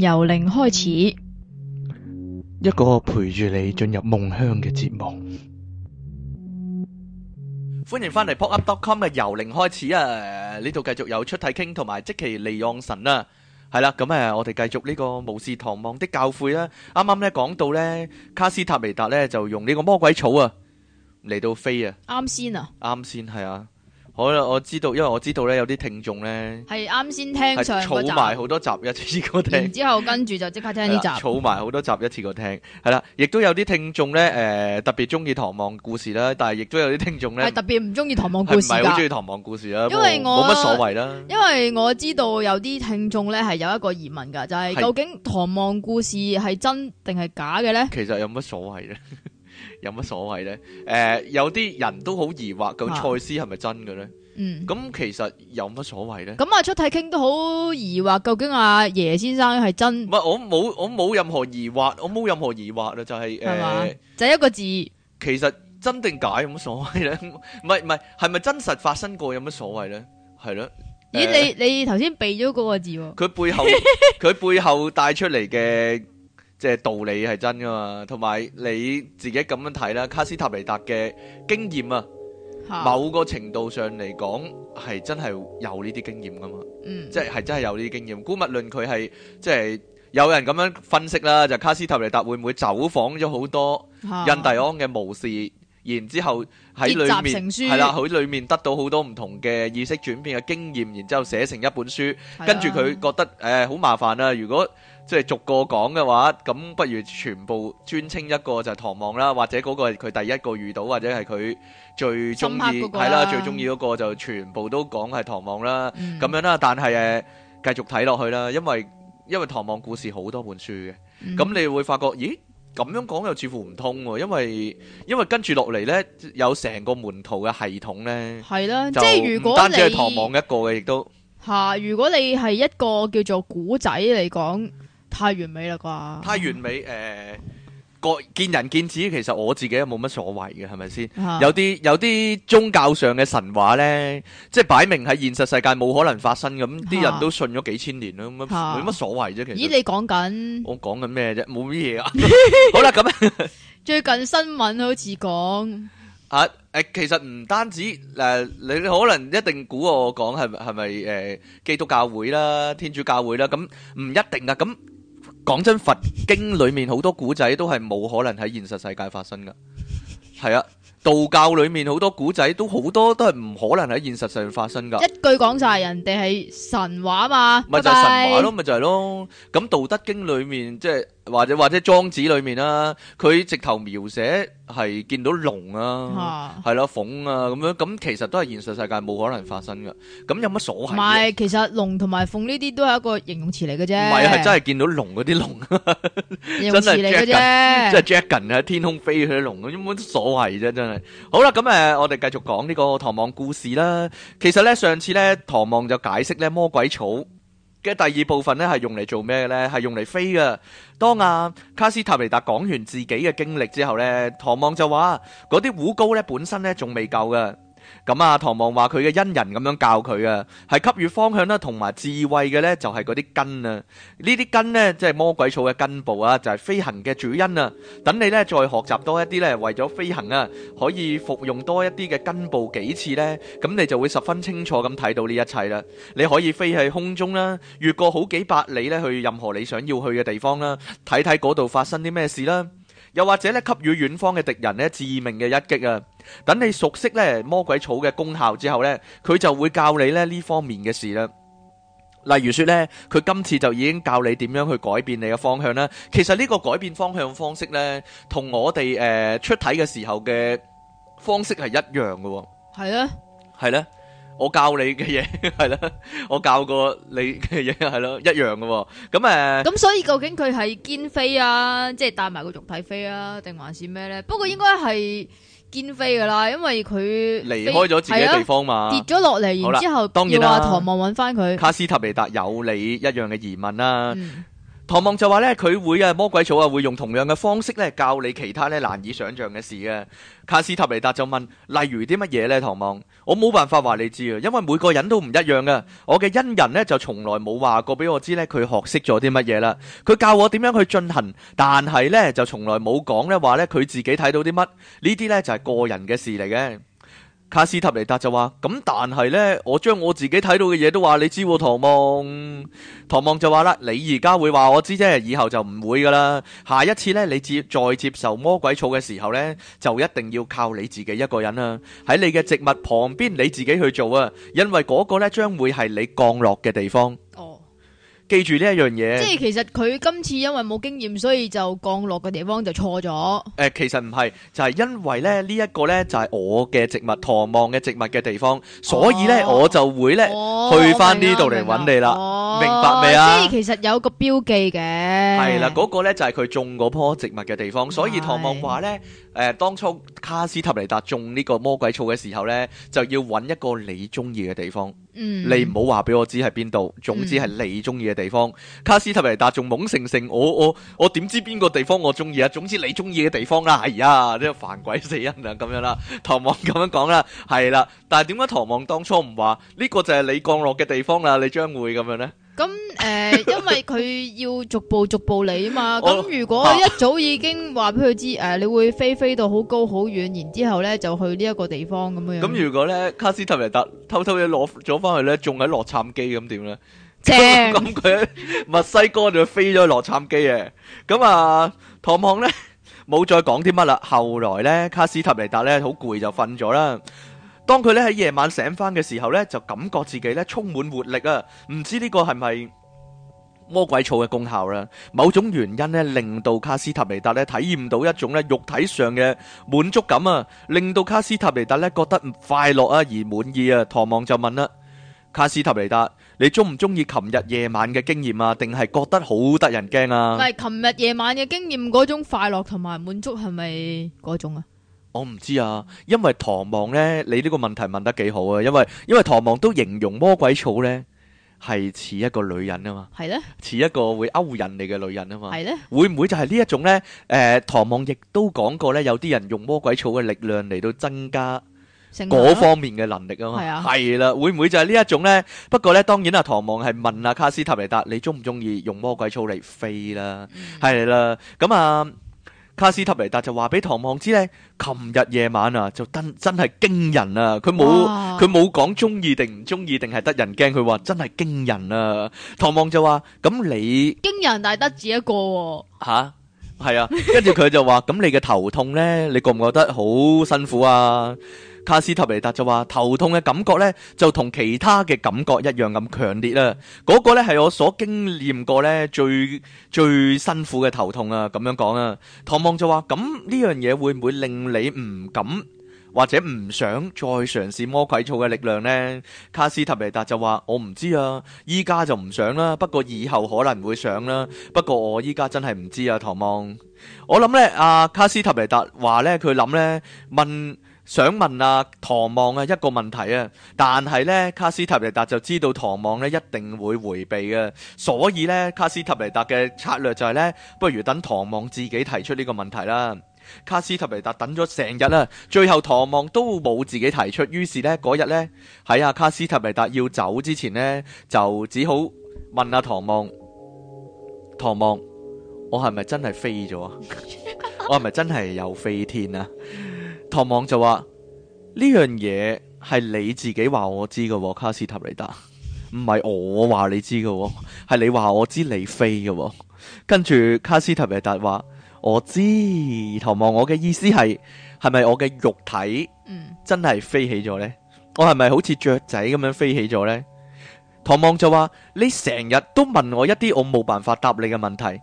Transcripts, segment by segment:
由零開始，一個陪住你進入夢鄉嘅節目。歡迎翻嚟 popup.com 嘅由零開始啊！呢度繼續有出體傾同埋即其利用神啦、啊，係啦、啊，咁誒，我哋繼續呢個巫士唐望的教誨啦、啊。啱啱咧講到咧，卡斯塔尼達咧就用呢個魔鬼草啊嚟到飛啊，啱先啊，啱先係啊。好啦，我知道，因為我知道咧，有啲聽眾咧係啱先聽上，係儲埋好多集一次過聽，然後之後跟住就即刻聽呢集，儲埋好多集一次過聽，係啦，亦都有啲聽眾咧，誒、呃，特別中意唐望故事啦，但係亦都有啲聽眾咧係特別唔中意唐望故事，係唔係好中意唐望故事啦，因為我冇乜所謂啦，因為我知道有啲聽眾咧係有一個疑問噶，就係、是、究竟唐望故事係真定係假嘅咧？其實有乜所謂啊？有乜所謂咧？誒、呃，有啲人都好疑惑，個賽斯係咪真嘅咧？嗯，咁其實有乜所謂咧？咁阿出泰傾都好疑惑，究竟，阿爺、嗯嗯嗯、先生係真？唔係我冇，我冇任何疑惑，我冇任何疑惑啊！就係、是、誒，吧呃、就一個字，其實真定假有乜所謂咧？唔係唔係，係咪真實發生過有乜所謂咧？係 咯？咦、呃，你你頭先避咗嗰個字？佢 背後佢背後帶出嚟嘅。即係道理係真噶嘛，同埋你自己咁樣睇啦。卡斯塔尼達嘅經驗啊，某個程度上嚟講係真係有呢啲經驗噶嘛。嗯，即係真係有呢啲經驗。姑勿論佢係即係有人咁樣分析啦，就卡斯塔尼達會唔會走訪咗好多印第安嘅巫師，然之後喺裏面係啦，喺裏面得到好多唔同嘅意識轉變嘅經驗，然之後寫成一本書。跟住佢覺得誒，好麻煩啊！如果即係逐個講嘅話，咁不如全部專稱一個就係唐望啦，或者嗰個係佢第一個遇到，或者係佢最中意係啦，最中意嗰個就全部都講係唐望啦，咁、嗯、樣啦。但係誒，繼續睇落去啦，因為因為唐望故事好多本書嘅，咁、嗯、你會發覺咦，咁樣講又似乎唔通喎，因為因為跟住落嚟呢，有成個門徒嘅系統呢。係啦，就 即係如果你單止係唐望一個嘅，亦都嚇，如果你係一個叫做古仔嚟講。太完美啦啩！太完美誒，個見仁見智。其實我自己都冇乜所謂嘅，係咪先？有啲有啲宗教上嘅神話咧，即係擺明喺現實世界冇可能發生咁，啲人都信咗幾千年啦，咁冇乜所謂啫。其實咦？你講緊我講緊咩啫？冇乜嘢啊！好啦，咁最近新聞好似講啊誒，其實唔單止誒，你可能一定估我講係咪係咪誒？基督教會啦，天主教會啦，咁唔一定啊，咁。講真，佛經裏面好多古仔都係冇可能喺現實世界發生噶，係啊，道教裏面好多古仔都好多都係唔可能喺現實上發生噶。一句講晒，人哋係神話嘛，咪就係神話咯，咪就係咯。咁道德經裏面即係。就是或者或者莊子裏面啦，佢直頭描寫係見到龍啊，係啦鳳啊咁、啊啊啊、樣，咁其實都係現實世界冇可能發生噶，咁有乜所謂？唔係，其實龍同埋鳳呢啲都係一個形容詞嚟嘅啫，唔係係真係見到龍嗰啲龍，形容詞嚟嘅啫，即係 dragon 啊，天空飛去啲龍，有冇乜所謂啫，真係。好啦，咁、嗯、誒，我哋繼續講呢個唐望故事啦。其實咧，上次咧，唐望就解釋咧魔鬼草。嘅第二部分咧，係用嚟做咩咧？係用嚟飛嘅。當阿、啊、卡斯塔尼達講完自己嘅經歷之後咧，唐望就話：嗰啲虎高咧，本身咧仲未夠嘅。咁啊，唐望話佢嘅恩人咁樣教佢啊，係給予方向啦，同埋智慧嘅呢，就係嗰啲根啊，呢啲根呢，即係魔鬼草嘅根部啊，就係飛行嘅主因啊。等你呢，再學習多一啲呢，為咗飛行啊，可以服用多一啲嘅根部幾次呢，咁你就會十分清楚咁睇到呢一切啦。你可以飛喺空中啦，越過好幾百里呢，去任何你想要去嘅地方啦，睇睇嗰度發生啲咩事啦。又或者咧，給予遠方嘅敵人咧致命嘅一擊啊！等你熟悉咧魔鬼草嘅功效之後呢，佢就會教你咧呢方面嘅事啦。例如說呢，佢今次就已經教你點樣去改變你嘅方向啦。其實呢個改變方向方式呢，同我哋誒、呃、出體嘅時候嘅方式係一樣嘅。係啊的，係咧。我教你嘅嘢係啦，我教過你嘅嘢係咯，一樣嘅。咁誒，咁所以究竟佢係堅飛啊，即係帶埋個肉體飛啊，定還是咩咧？不過應該係堅飛噶啦，因為佢離開咗自己嘅地方嘛，跌咗落嚟，然後啦之後當然啦要話唐望揾翻佢。卡斯塔尼達有你一樣嘅疑問啦，啊。嗯唐望就話咧，佢會啊，魔鬼草啊會用同樣嘅方式咧教你其他咧難以想象嘅事啊。卡斯塔尼達就問，例如啲乜嘢咧？唐望，我冇辦法話你知啊，因為每個人都唔一樣噶。我嘅恩人咧就從來冇話過俾我知咧，佢學識咗啲乜嘢啦。佢教我點樣去進行，但係咧就從來冇講咧話咧佢自己睇到啲乜。呢啲咧就係個人嘅事嚟嘅。卡斯塔尼達就話：咁但係呢，我將我自己睇到嘅嘢，都話你知喎。唐望，唐望就話啦：你而家會話我知啫，以後就唔會噶啦。下一次呢，你接再接受魔鬼草嘅時候呢，就一定要靠你自己一個人啦。喺你嘅植物旁邊，你自己去做啊，因為嗰個呢將會係你降落嘅地方。記住呢一樣嘢，即係其實佢今次因為冇經驗，所以就降落嘅地方就錯咗。誒，其實唔係，就係因為咧呢一個咧就係我嘅植物、唐望嘅植物嘅地方，所以咧我就會咧去返呢度嚟揾你啦。明白未啊？即係其實有個標記嘅，係啦，嗰個咧就係佢種嗰棵植物嘅地方，所以唐望話咧，誒，當初卡斯塔尼達種呢個魔鬼草嘅時候咧，就要揾一個你中意嘅地方。嗯、你唔好話俾我知係邊度，總之係你中意嘅地方。嗯、卡斯特維達仲懵盛盛，我我我點知邊個地方我中意啊？總之你中意嘅地方啦，哎呀，真係煩鬼死人啊！咁樣啦，唐望咁樣講啦，係啦。但係點解唐望當初唔話呢個就係你降落嘅地方啦？你將會咁樣咧？咁誒，因為佢要逐步逐步嚟啊嘛。咁如果一早已經話俾佢知誒，你會飛飛到好高好遠，然之後咧就去呢一個地方咁樣。咁如果咧卡斯塔尼達偷偷地攞咗翻去咧，仲喺洛杉磯咁點咧？正咁佢喺墨西哥就飛咗去洛杉磯啊。咁啊，唐望咧冇再講啲乜啦。後來咧卡斯塔尼達咧好攰就瞓咗啦。當佢咧喺夜晚醒翻嘅時候咧，就感覺自己咧充滿活力啊！唔知呢個係咪魔鬼草嘅功效啦？某種原因咧，令到卡斯塔尼達咧體驗到一種咧肉體上嘅滿足感啊，令到卡斯塔尼達咧覺得快樂啊而滿意啊。唐望就問啦，卡斯塔尼達，你中唔中意琴日夜晚嘅經驗啊？定係覺得好得人驚啊？唔係琴日夜晚嘅經驗嗰種快樂同埋滿足係咪嗰種啊？我唔知啊，因為唐望呢，你呢個問題問得幾好啊，因為因為唐望都形容魔鬼草呢，係似一個女人啊嘛，係咧似一個會勾引你嘅女人啊嘛，係咧呢會唔會就係呢一種呢？誒、呃，唐望亦都講過呢，有啲人用魔鬼草嘅力量嚟到增加嗰方面嘅能力啊嘛，係啦格、啊，會唔會就係呢一種呢？不過呢，當然啊，唐望係問阿、啊、卡斯塔尼達，你中唔中意用魔鬼草嚟飛啦？係啦，咁啊。嗯卡斯塔尼達就話俾唐望知咧，琴日夜晚啊，就真真係驚人啊！佢冇佢冇講中意定唔中意定係得人驚，佢話真係驚人啊！唐望就話：咁你驚人，但係得只自己一個吓、哦？係啊！跟住佢就話：咁 你嘅頭痛咧，你覺唔覺得好辛苦啊？卡斯塔尼達就話，頭痛嘅感覺咧，就同其他嘅感覺一樣咁強烈啦。嗰個咧係我所經驗過咧最最辛苦嘅頭痛啊。咁樣講啊，唐望就話，咁呢樣嘢會唔會令你唔敢或者唔想再嘗試魔鬼草嘅力量咧？卡斯塔尼達就話，我唔知啊，依家就唔想啦，不過以後可能會想啦。不過我依家真係唔知啊，唐望。我諗咧，阿卡斯塔尼達話咧，佢諗咧問。想問啊，唐望啊一個問題啊，但係呢，卡斯塔尼達就知道唐望呢一定會迴避嘅，所以呢，卡斯塔尼達嘅策略就係呢：不如等唐望自己提出呢個問題啦。卡斯塔尼達等咗成日啦，最後唐望都冇自己提出，於是呢嗰日呢，喺阿、啊、卡斯塔尼達要走之前呢，就只好問阿、啊、唐望，唐望，我係咪真係飛咗？ 我係咪真係有飛天啊？唐望就話呢樣嘢，係你自己話我知嘅、啊，卡斯塔尼達唔係我話你知嘅、啊，係你話我知你飛嘅、啊。跟住卡斯塔尼達話我知，唐望我嘅意思係係咪我嘅肉體真係飛起咗呢？我係咪好似雀仔咁樣飛起咗呢？唐望就話你成日都問我一啲我冇辦法答你嘅問題。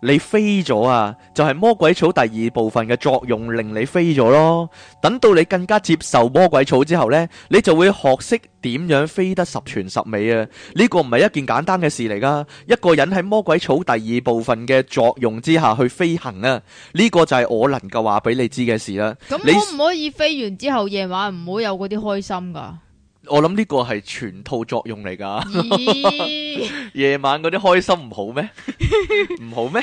你飛咗啊，就係、是、魔鬼草第二部分嘅作用令你飛咗咯。等到你更加接受魔鬼草之後呢，你就會學識點樣飛得十全十美啊！呢、這個唔係一件簡單嘅事嚟噶。一個人喺魔鬼草第二部分嘅作用之下去飛行啊，呢、這個就係我能夠話俾你知嘅事啦。咁你可唔可以飛完之後夜晚唔好有嗰啲開心噶？我諗呢個係全套作用嚟噶，夜晚嗰啲開心唔好咩？唔 好咩？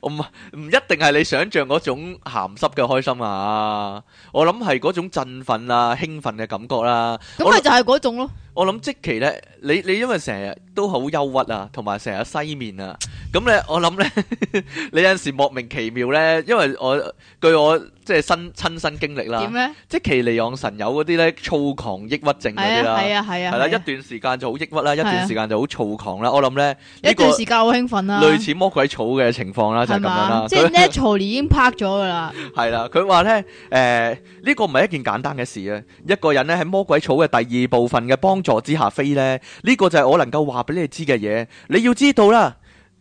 我唔 唔一定係你想象嗰種鹹濕嘅開心啊！我諗係嗰種振奮啊、興奮嘅感覺啦。咁咪就係嗰種咯。我諗即其咧，你你因為成日都好憂鬱啊，同埋成日西面啊，咁咧我諗咧，你有陣時莫名其妙咧，因為我據我即係身親身經歷啦，點咧？即其罹患神有嗰啲咧躁狂抑鬱症嗰啲啦，係啊係啊，係啦，一段時間就好抑鬱啦，一段時間就好躁狂啦。我諗咧，一段時間好興奮啦，類似魔鬼草嘅情況啦，就係咁樣啦。即係呢曹黎已經拍咗㗎啦，係啦，佢話咧，誒呢個唔係一件簡單嘅事啊，一個人咧喺魔鬼草嘅第二部分嘅幫。坐之下飛呢，呢、呢個就係我能夠話俾你知嘅嘢。你要知道啦，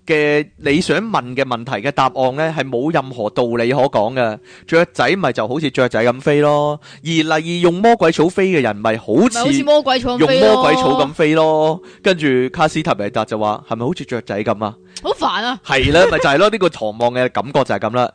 嘅你想問嘅問題嘅答案呢，係冇任何道理可講嘅。雀仔咪就好似雀仔咁飛咯，而例如用魔鬼草飛嘅人飛，咪好似用魔鬼草咁飛咯。跟住卡斯塔維達就話：係咪好似雀仔咁啊？好煩啊！係 啦，咪就係、係、咯，呢、呢個唐望嘅感覺就係咁啦。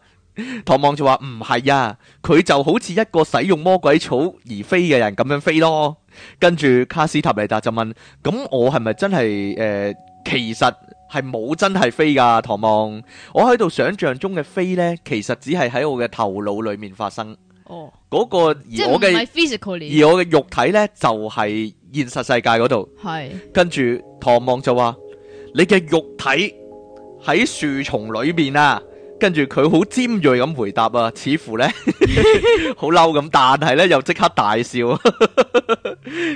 唐望就話：唔係呀，佢就好似一個使用魔鬼草而飛嘅人咁樣飛咯。跟住卡斯塔尼達就問：咁我係咪真係誒、呃，其實係冇真係飛噶、啊？唐望，我喺度想象中嘅飛呢，其實只係喺我嘅頭腦裏面發生。哦，嗰個而我嘅 physical 而我嘅肉體呢，就係、是、現實世界嗰度。係是跟住唐望就話：你嘅肉體喺樹叢裏面啊！跟住佢好尖銳咁回答啊，似乎咧好嬲咁，但係咧又即刻大笑。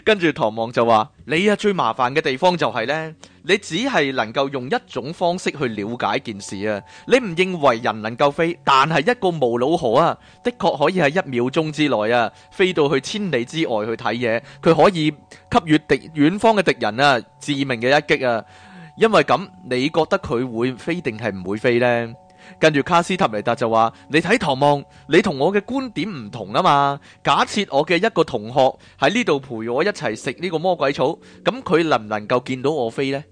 跟住唐望就話：你啊，最麻煩嘅地方就係咧，你只係能夠用一種方式去了解件事啊。你唔認為人能夠飛，但係一個無腦河啊，的確可以喺一秒鐘之內啊，飛到去千里之外去睇嘢。佢可以給予敵遠方嘅敵人啊致命嘅一擊啊。因為咁，你覺得佢會飛定係唔會飛咧？跟住卡斯塔尼達就話：你睇唐望，你同我嘅觀點唔同啊嘛。假設我嘅一個同學喺呢度陪我一齊食呢個魔鬼草，咁佢能唔能夠見到我飛呢？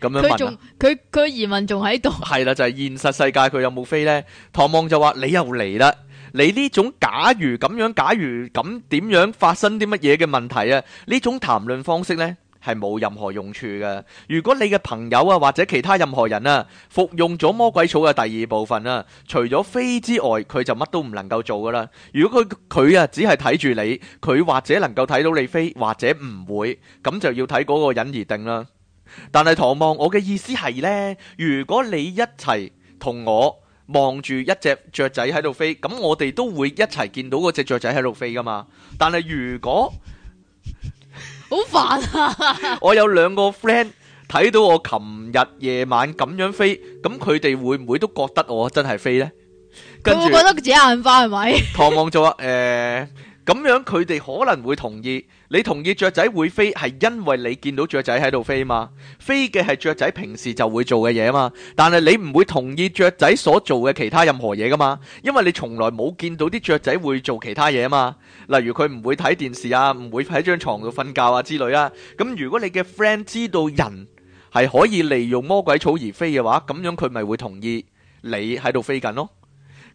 咁樣問啊！佢佢疑問仲喺度。係啦，就係、是、現實世界佢有冇飛呢？唐望就話：你又嚟啦！你呢種假如咁樣，假如咁點樣，樣，樣發生啲乜嘢嘅問題啊？呢種談論方式呢。」係冇任何用處嘅。如果你嘅朋友啊，或者其他任何人啊，服用咗魔鬼草嘅第二部分啊，除咗飛之外，佢就乜都唔能夠做噶啦。如果佢佢啊，只係睇住你，佢或者能夠睇到你飛，或者唔會，咁就要睇嗰個人而定啦。但係唐望，我嘅意思係呢，如果你一齊同我望住一隻雀仔喺度飛，咁我哋都會一齊見到嗰隻雀仔喺度飛噶嘛。但係如果，好煩啊！ 我有兩個 friend 睇到我琴日夜晚咁樣飛，咁佢哋會唔會都覺得我真係飛呢？佢唔會會覺得自己眼花係咪？唐 望就話：誒、呃，咁樣佢哋可能會同意。你同意雀仔會飛，係因為你見到雀仔喺度飛嘛？飛嘅係雀仔平時就會做嘅嘢嘛？但係你唔會同意雀仔所做嘅其他任何嘢噶嘛？因為你從來冇見到啲雀仔會做其他嘢嘛？例如佢唔會睇電視啊，唔會喺張床度瞓覺啊之類啊。咁如果你嘅 friend 知道人係可以利用魔鬼草而飛嘅話，咁樣佢咪會同意你喺度飛緊咯？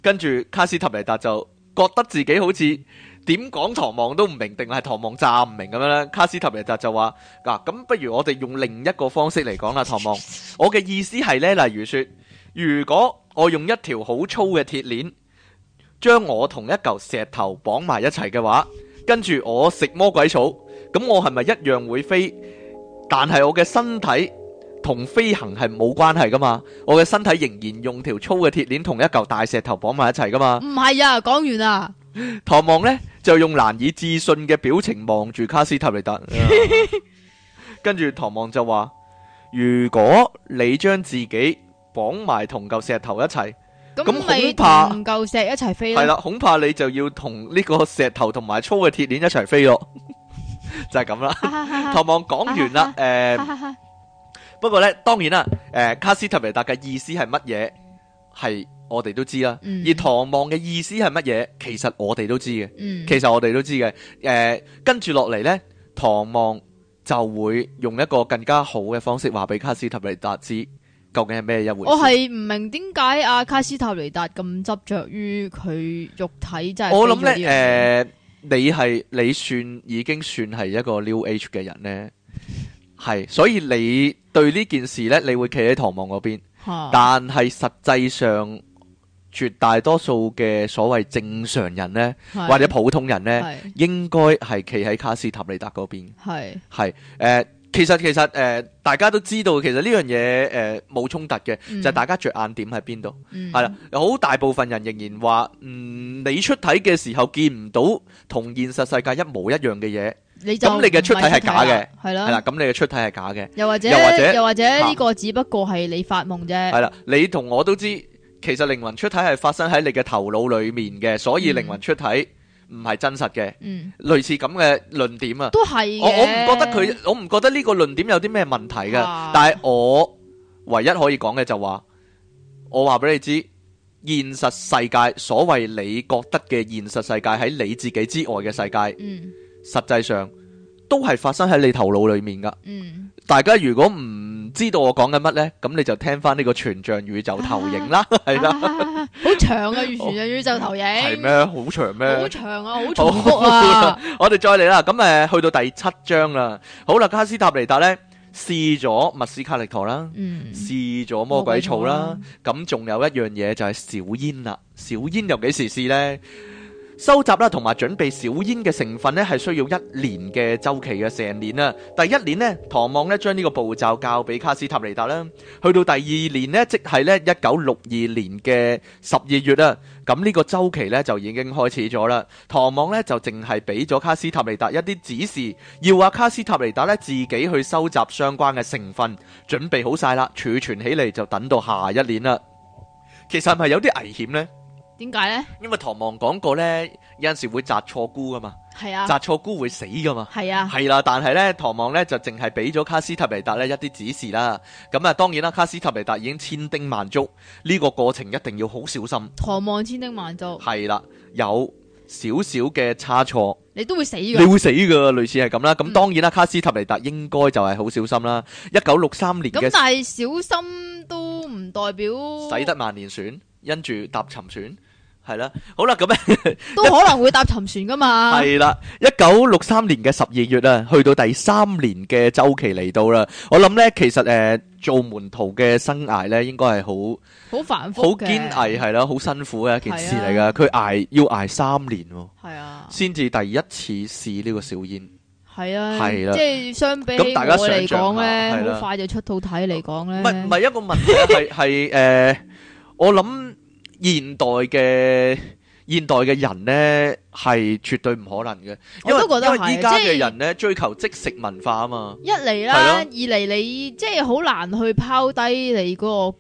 跟住卡斯塔尼達就覺得自己好似。點講唐望都唔明，定係唐望詐唔明咁樣咧？卡斯提爾就就話：嗱，咁不如我哋用另一個方式嚟講啦，唐望。我嘅意思係咧，例如說，如果我用一條好粗嘅鐵鏈將我同一嚿石頭綁埋一齊嘅話，跟住我食魔鬼草，咁我係咪一樣會飛？但係我嘅身體同飛行係冇關係噶嘛？我嘅身體仍然用條粗嘅鐵鏈同一嚿大石頭綁埋一齊噶嘛？唔係啊，講完啦，唐望咧。就用難以置信嘅表情望住卡斯塔利達，跟住唐望就話：如果你將自己綁埋同嚿石頭一齊，咁恐怕同嚿石一齊飛。係啦，恐怕你就要同呢個石頭同埋粗嘅鐵鏈一齊飛咯。就係咁啦。唐望講完啦，誒，不過呢，當然啦，誒，卡斯塔利達嘅意思係乜嘢？係。我哋都知啦，嗯、而唐望嘅意思係乜嘢？其實我哋都知嘅，嗯、其實我哋都知嘅。誒、呃，跟住落嚟呢，唐望就會用一個更加好嘅方式話俾卡斯塔尼達知，究竟係咩一回事？我係唔明點解阿卡斯塔尼達咁執着於佢肉體，就係我諗咧，誒、呃，你係你算已經算係一個 new age 嘅人呢。係， 所以你對呢件事呢，你會企喺唐望嗰邊， 但係實際上。絕大多數嘅所謂正常人呢，或者普通人呢，應該係企喺卡斯塔利達嗰邊。係，係誒，其實其實誒，大家都知道，其實呢樣嘢誒冇衝突嘅，就係大家着眼點喺邊度。係啦，好大部分人仍然話：嗯，你出體嘅時候見唔到同現實世界一模一樣嘅嘢。咁你嘅出體係假嘅，係啦。咁你嘅出體係假嘅。又或者又或者呢個只不過係你發夢啫。係啦，你同我都知。其實靈魂出體係發生喺你嘅頭腦裏面嘅，所以靈魂出體唔係真實嘅。嗯，類似咁嘅論點啊，都係嘅。我，我唔覺得佢，我唔覺得呢個論點有啲咩問題嘅。但係我唯一可以講嘅就話，我話俾你知，現實世界，所謂你覺得嘅現實世界喺你自己之外嘅世界，嗯，實際上都係發生喺你頭腦裏面噶。嗯，大家如果唔，知道我講緊乜呢？咁你就聽翻呢個全像宇宙投影啦，係啦，好長噶、啊，全像宇宙投影係咩？好、哦、長咩？好長啊，好長啊！ 我哋再嚟啦，咁誒，去到第七章啦。好啦，卡斯塔尼達呢？試咗密斯卡利托啦，嗯、試咗魔鬼草啦，咁仲、嗯、有一樣嘢就係小煙啦。小煙又幾時試呢？收集啦，同埋準備小煙嘅成分咧，係需要一年嘅周期嘅成年啦。第一年咧，唐望咧將呢個步驟教俾卡斯塔尼達啦。去到第二年咧，即係咧一九六二年嘅十二月啦。咁呢個周期呢，就已經開始咗啦。唐望咧就淨係俾咗卡斯塔尼達一啲指示，要阿卡斯塔尼達咧自己去收集相關嘅成分，準備好晒啦，儲存起嚟就等到下一年啦。其實係咪有啲危險呢？點解呢？因為唐望講過呢，有陣時會摘錯菇噶嘛，是啊、摘錯菇會死噶嘛，係是啊，啊，係啦。但係呢，唐望呢就淨係俾咗卡斯塔尼達呢一啲指示啦。咁、嗯、啊，當然啦，卡斯塔尼達已經千叮萬囑，呢、這個過程一定要好小心。唐望千叮萬囑，係啦、啊，有少少嘅差錯，你都會死，你會死噶，類似係咁啦。咁、嗯、當然啦，卡斯塔尼達應該就係好小心啦。一九六三年嘅，咁但係小心都唔代表，駛得萬年船，因住搭沉船。係啦，好啦，咁咧都可能會搭沉船噶嘛。係啦，一九六三年嘅十二月啦，去到第三年嘅周期嚟到啦。我諗咧，其實誒做門徒嘅生涯咧，應該係好好繁複、好堅毅，係啦，好辛苦嘅一件事嚟噶。佢挨要挨三年喎，係啊，先至第一次試呢個小煙，係啊，係啦，即係相比咁大家嚟講咧，好快就出套體嚟講咧。唔係唔係一個問題，係係誒，我諗。現代嘅現代嘅人咧係絕對唔可能嘅，因為依家嘅人咧我都覺得係追求即食文化啊嘛。一嚟啦、啊，啊、二嚟你即係好難去拋低你嗰個。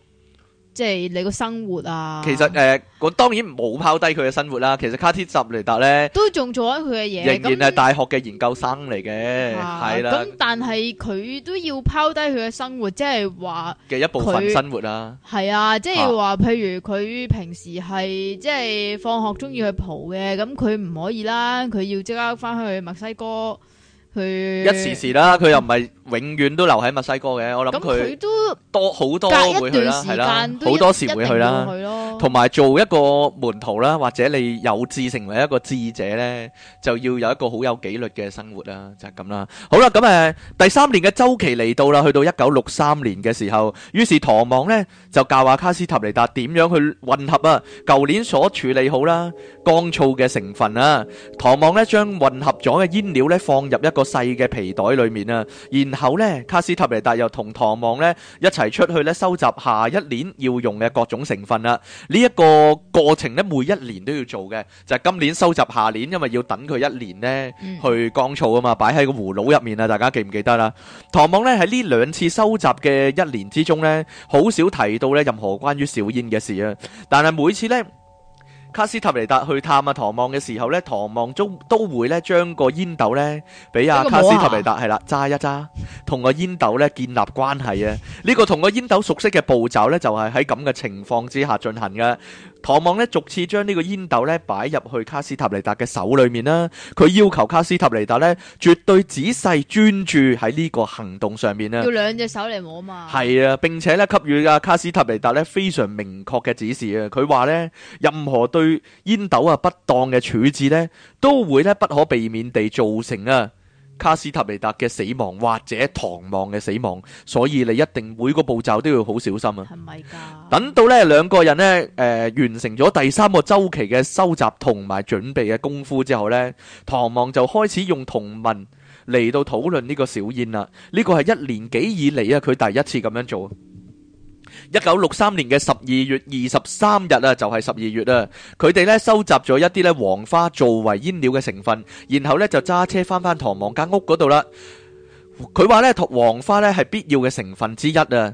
即係你個生活啊！其實誒、呃，我當然冇拋低佢嘅生活啦。其實卡斯塔尼達咧，都仲做緊佢嘅嘢，仍然係大學嘅研究生嚟嘅，係、啊、啦。咁、啊、但係佢都要拋低佢嘅生活，即係話嘅一部分生活啦。係啊，即係話譬如佢平時係即係放學中意去蒲嘅，咁佢唔可以啦，佢要即刻翻去墨西哥。一時時啦，佢又唔係永遠都留喺墨西哥嘅。我諗佢咁佢都多好多會去啦，係啦，好多時會去啦，同埋做一個門徒啦，或者你有志成為一個智者呢，就要有一個好有紀律嘅生活啦，就係咁啦。好啦，咁誒第三年嘅週期嚟到啦，去到一九六三年嘅時候，於是唐望呢就教阿卡斯塔尼達點樣去混合啊，舊年所處理好啦乾燥嘅成分啊，唐望呢將混合咗嘅煙料呢放入一個。細嘅皮袋裏面啊，然後咧，卡斯塔尼達又同唐望咧，一齊出去咧，收集下一年要用嘅各種成分啦。呢一個過程咧，每一年都要做嘅，就係今年收集下年，因為要等佢一年咧去乾燥啊嘛，擺喺個葫蘆入面啊。大家記唔記得啦？唐望咧喺呢兩次收集嘅一年之中咧，好少提到咧任何關於小煙嘅事啊。但係每次咧。卡斯特尼達去探阿唐望嘅時候咧，唐望都都會咧將個煙斗咧俾阿卡斯特尼達係啦揸一揸，同個煙斗咧建立關係啊！呢 個同個煙斗熟悉嘅步驟咧，就係喺咁嘅情況之下進行嘅。唐望咧逐次將呢個煙斗咧擺入去卡斯塔尼達嘅手裏面啦，佢要求卡斯塔尼達咧絕對仔細專注喺呢個行動上面咧。要兩隻手嚟摸嘛。係啊，並且咧給予啊卡斯塔尼達咧非常明確嘅指示啊，佢話咧任何對煙斗啊不當嘅處置咧，都會咧不可避免地造成啊，卡斯塔尼達嘅死亡或者唐望嘅死亡，所以你一定每個步驟都要好小心啊！係咪噶？等到咧兩個人咧，誒、呃、完成咗第三個周期嘅收集同埋準備嘅功夫之後呢，唐望就開始用同文嚟,到討論呢個小煙啦。呢個係一年幾以嚟啊，佢第一次咁樣做。一九六三年嘅十二月二十三日啊，就係十二月啊，佢哋咧收集咗一啲咧黃花作為煙料嘅成分，然後咧就揸車翻返唐望間屋嗰度啦。佢話咧黃花咧係必要嘅成分之一啊。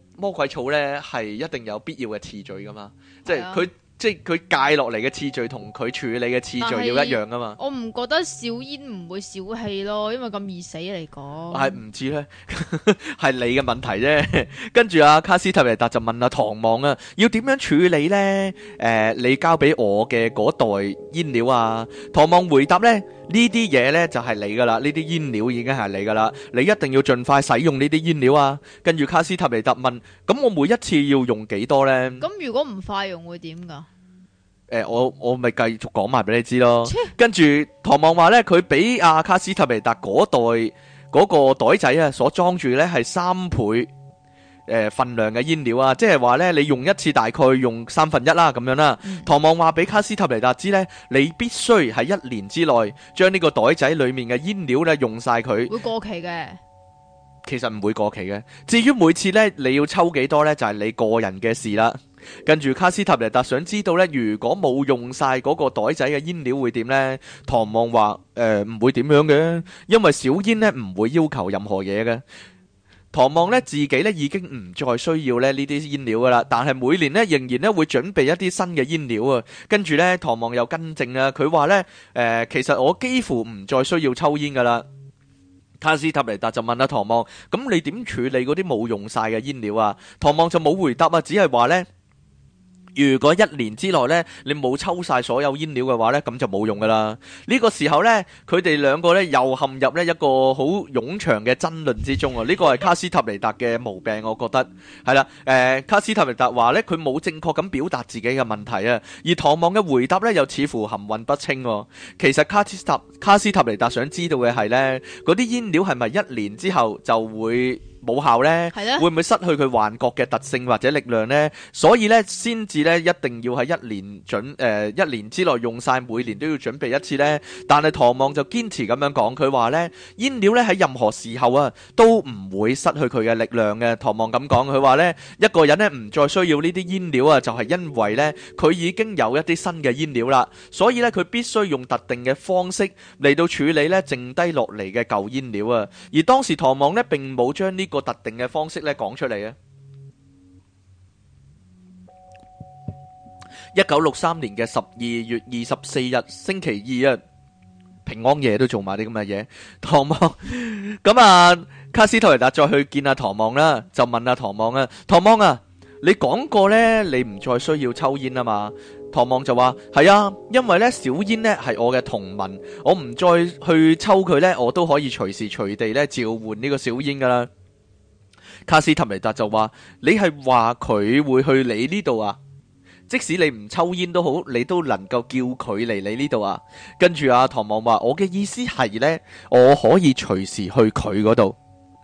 魔鬼草咧係一定有必要嘅次序㗎嘛，即係佢即係佢介落嚟嘅次序同佢處理嘅次序是要一樣㗎嘛。我唔覺得小煙唔會小氣咯，因為咁易死嚟、啊、講。係唔、啊、知咧，係 你嘅問題啫。跟住阿卡斯塔尼達就問阿唐望啊，要點樣處理咧？誒、呃，你交俾我嘅嗰代煙料啊！唐望回答咧，呢啲嘢咧就係你噶啦，呢啲煙料已經係你噶啦，你一定要盡快使用呢啲煙料啊！跟住卡斯塔尼達問：咁我每一次要用幾多咧？咁如果唔快用會點噶？誒，我我咪繼續講埋俾你知咯。跟住唐望話咧，佢俾阿卡斯塔尼達嗰袋嗰個袋仔啊，所裝住咧係三倍。誒，份量嘅煙料啊，即係話咧，你用一次大概用三分一啦，咁樣啦。唐望話俾卡斯塔尼達知咧，你必須喺一年之內將呢個袋仔裏面嘅煙料咧用晒佢。會過期嘅，其實唔會過期嘅。至於每次咧，你要抽幾多咧，就係你個人嘅事啦。跟住卡斯塔尼達想知道咧，如果冇用晒嗰個袋仔嘅煙料會點咧？唐望話誒，唔會點樣嘅，因為小煙咧唔會要求任何嘢嘅。唐望咧自己咧已經唔再需要咧呢啲煙料㗎喇，但係每年咧仍然咧會準備一啲新嘅煙料啊。跟住咧，唐望又更正啊，佢話咧誒，其實我幾乎唔再需要抽煙㗎喇。卡斯塔尼達就問啊，唐望，咁你點處理嗰啲冇用晒嘅煙料啊？唐望就冇回答啊，只係話咧。如果一年之內咧，你冇抽晒所有煙料嘅話咧，咁就冇用噶啦。呢個時候咧，佢哋兩個咧又陷入咧一個好冗長嘅爭論之中啊。呢個係卡斯塔尼達嘅毛病，我覺得係啦。誒、呃，卡斯塔尼達話咧，佢冇正確咁表達自己嘅問題啊。而唐望嘅回答咧，又似乎含混不清。其實卡斯塔卡斯塔尼達想知道嘅係咧，嗰啲煙料係咪一年之後就會？冇效咧，會唔會失去佢幻覺嘅特性或者力量咧？所以咧，先至咧一定要喺一年準，誒，一年之內用曬，每年都要準備一次咧。但係唐望就堅持咁樣講，佢話咧煙料咧，喺任何時候啊都唔會失去佢嘅力量嘅。唐望咁講，佢話咧一個人咧唔再需要呢啲煙料啊，就係因為咧佢已經有一啲新嘅煙料啦。所以咧佢必須用特定嘅方式嚟到處理咧剩低落嚟嘅舊煙料啊。而當時唐望咧並冇將呢。一個特定嘅方式咧講出嚟啊。一九六三年嘅十二月二十四日星期二啊，平安夜都做埋啲咁嘅嘢，唐望咁啊，卡斯托爾達再去見阿唐望啦，就問阿唐望啊，唐望啊，你講過呢，你唔再需要抽煙啊嘛？唐望就話係啊，因為呢，小煙呢係我嘅同盟，我唔再去抽佢呢，我都可以隨時隨地呢召喚呢個小煙噶啦。卡斯塔尼達就話：你係話佢會去你呢度啊？即使你唔抽煙都好，你都能夠叫佢嚟你呢度啊？跟住阿、啊、唐望話：我嘅意思係呢，我可以隨時去佢嗰度，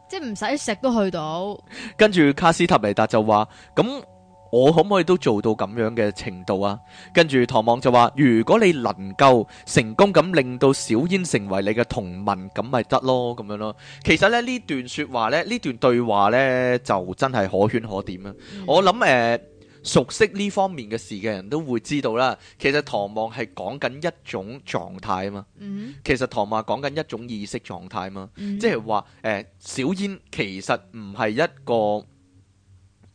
即係唔使食都去到。跟住卡斯塔尼達就話：咁、嗯。我可唔可以都做到咁樣嘅程度啊？跟住唐望就話：如果你能夠成功咁令到小煙成為你嘅同盟，咁咪得咯，咁樣咯。其實咧呢段說話咧，呢段對話咧就真係可圈可點啊！Mm hmm. 我諗誒、呃，熟悉呢方面嘅事嘅人都會知道啦。其實唐望係講緊一種狀態啊嘛，mm hmm. 其實唐望講緊一種意識狀態嘛，mm hmm. 即係話誒，小煙其實唔係一個、mm。Hmm. Mm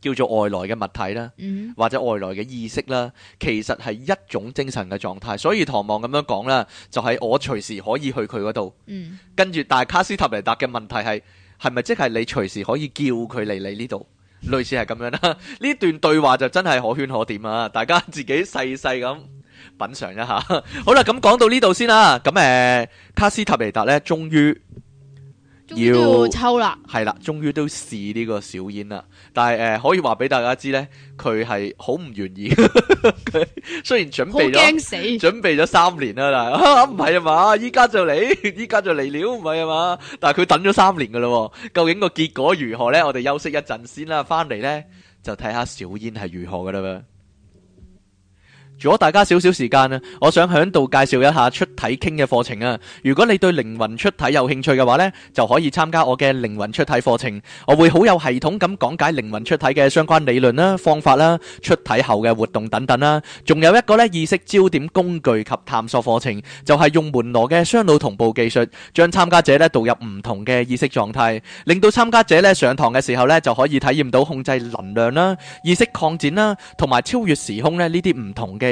叫做外來嘅物體啦，mm hmm. 或者外來嘅意識啦，其實係一種精神嘅狀態。所以唐望咁樣講啦，就係、是、我隨時可以去佢嗰度。Mm hmm. 跟住，但係卡斯塔尼達嘅問題係係咪即係你隨時可以叫佢嚟你呢度？類似係咁樣啦。呢 段對話就真係可圈可點啊！大家自己細細咁品嚐一下。 好啦，咁講到呢度先啦。咁誒，卡斯塔尼達呢，終於。要抽啦，係啦，終於都試呢個小煙啦，但係誒、呃，可以話俾大家知咧，佢係好唔願意，佢 雖然準備咗，驚死準備咗三年啦，唔係啊嘛，依家就嚟，依家就嚟了，唔係啊嘛，但係佢等咗三年噶啦，究竟個結果如何咧？我哋休息一陣先啦，翻嚟咧就睇下小煙係如何噶啦。如果大家少少時間啊，我想喺度介紹一下出體傾嘅課程啊！如果你對靈魂出體有興趣嘅話咧，就可以參加我嘅靈魂出體課程。我會好有系統咁講解靈魂出體嘅相關理論啦、方法啦、出體後嘅活動等等啦。仲有一個咧意識焦點工具及探索課程，就係用門羅嘅雙腦同步技術，將參加者咧導入唔同嘅意識狀態，令到參加者咧上堂嘅時候咧就可以體驗到控制能量啦、意識擴展啦，同埋超越時空咧呢啲唔同嘅。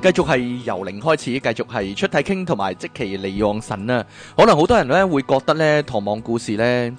繼續係由零開始，繼續係出體傾同埋即其離妄神啊！可能好多人咧會覺得咧，唐望故事咧，誒、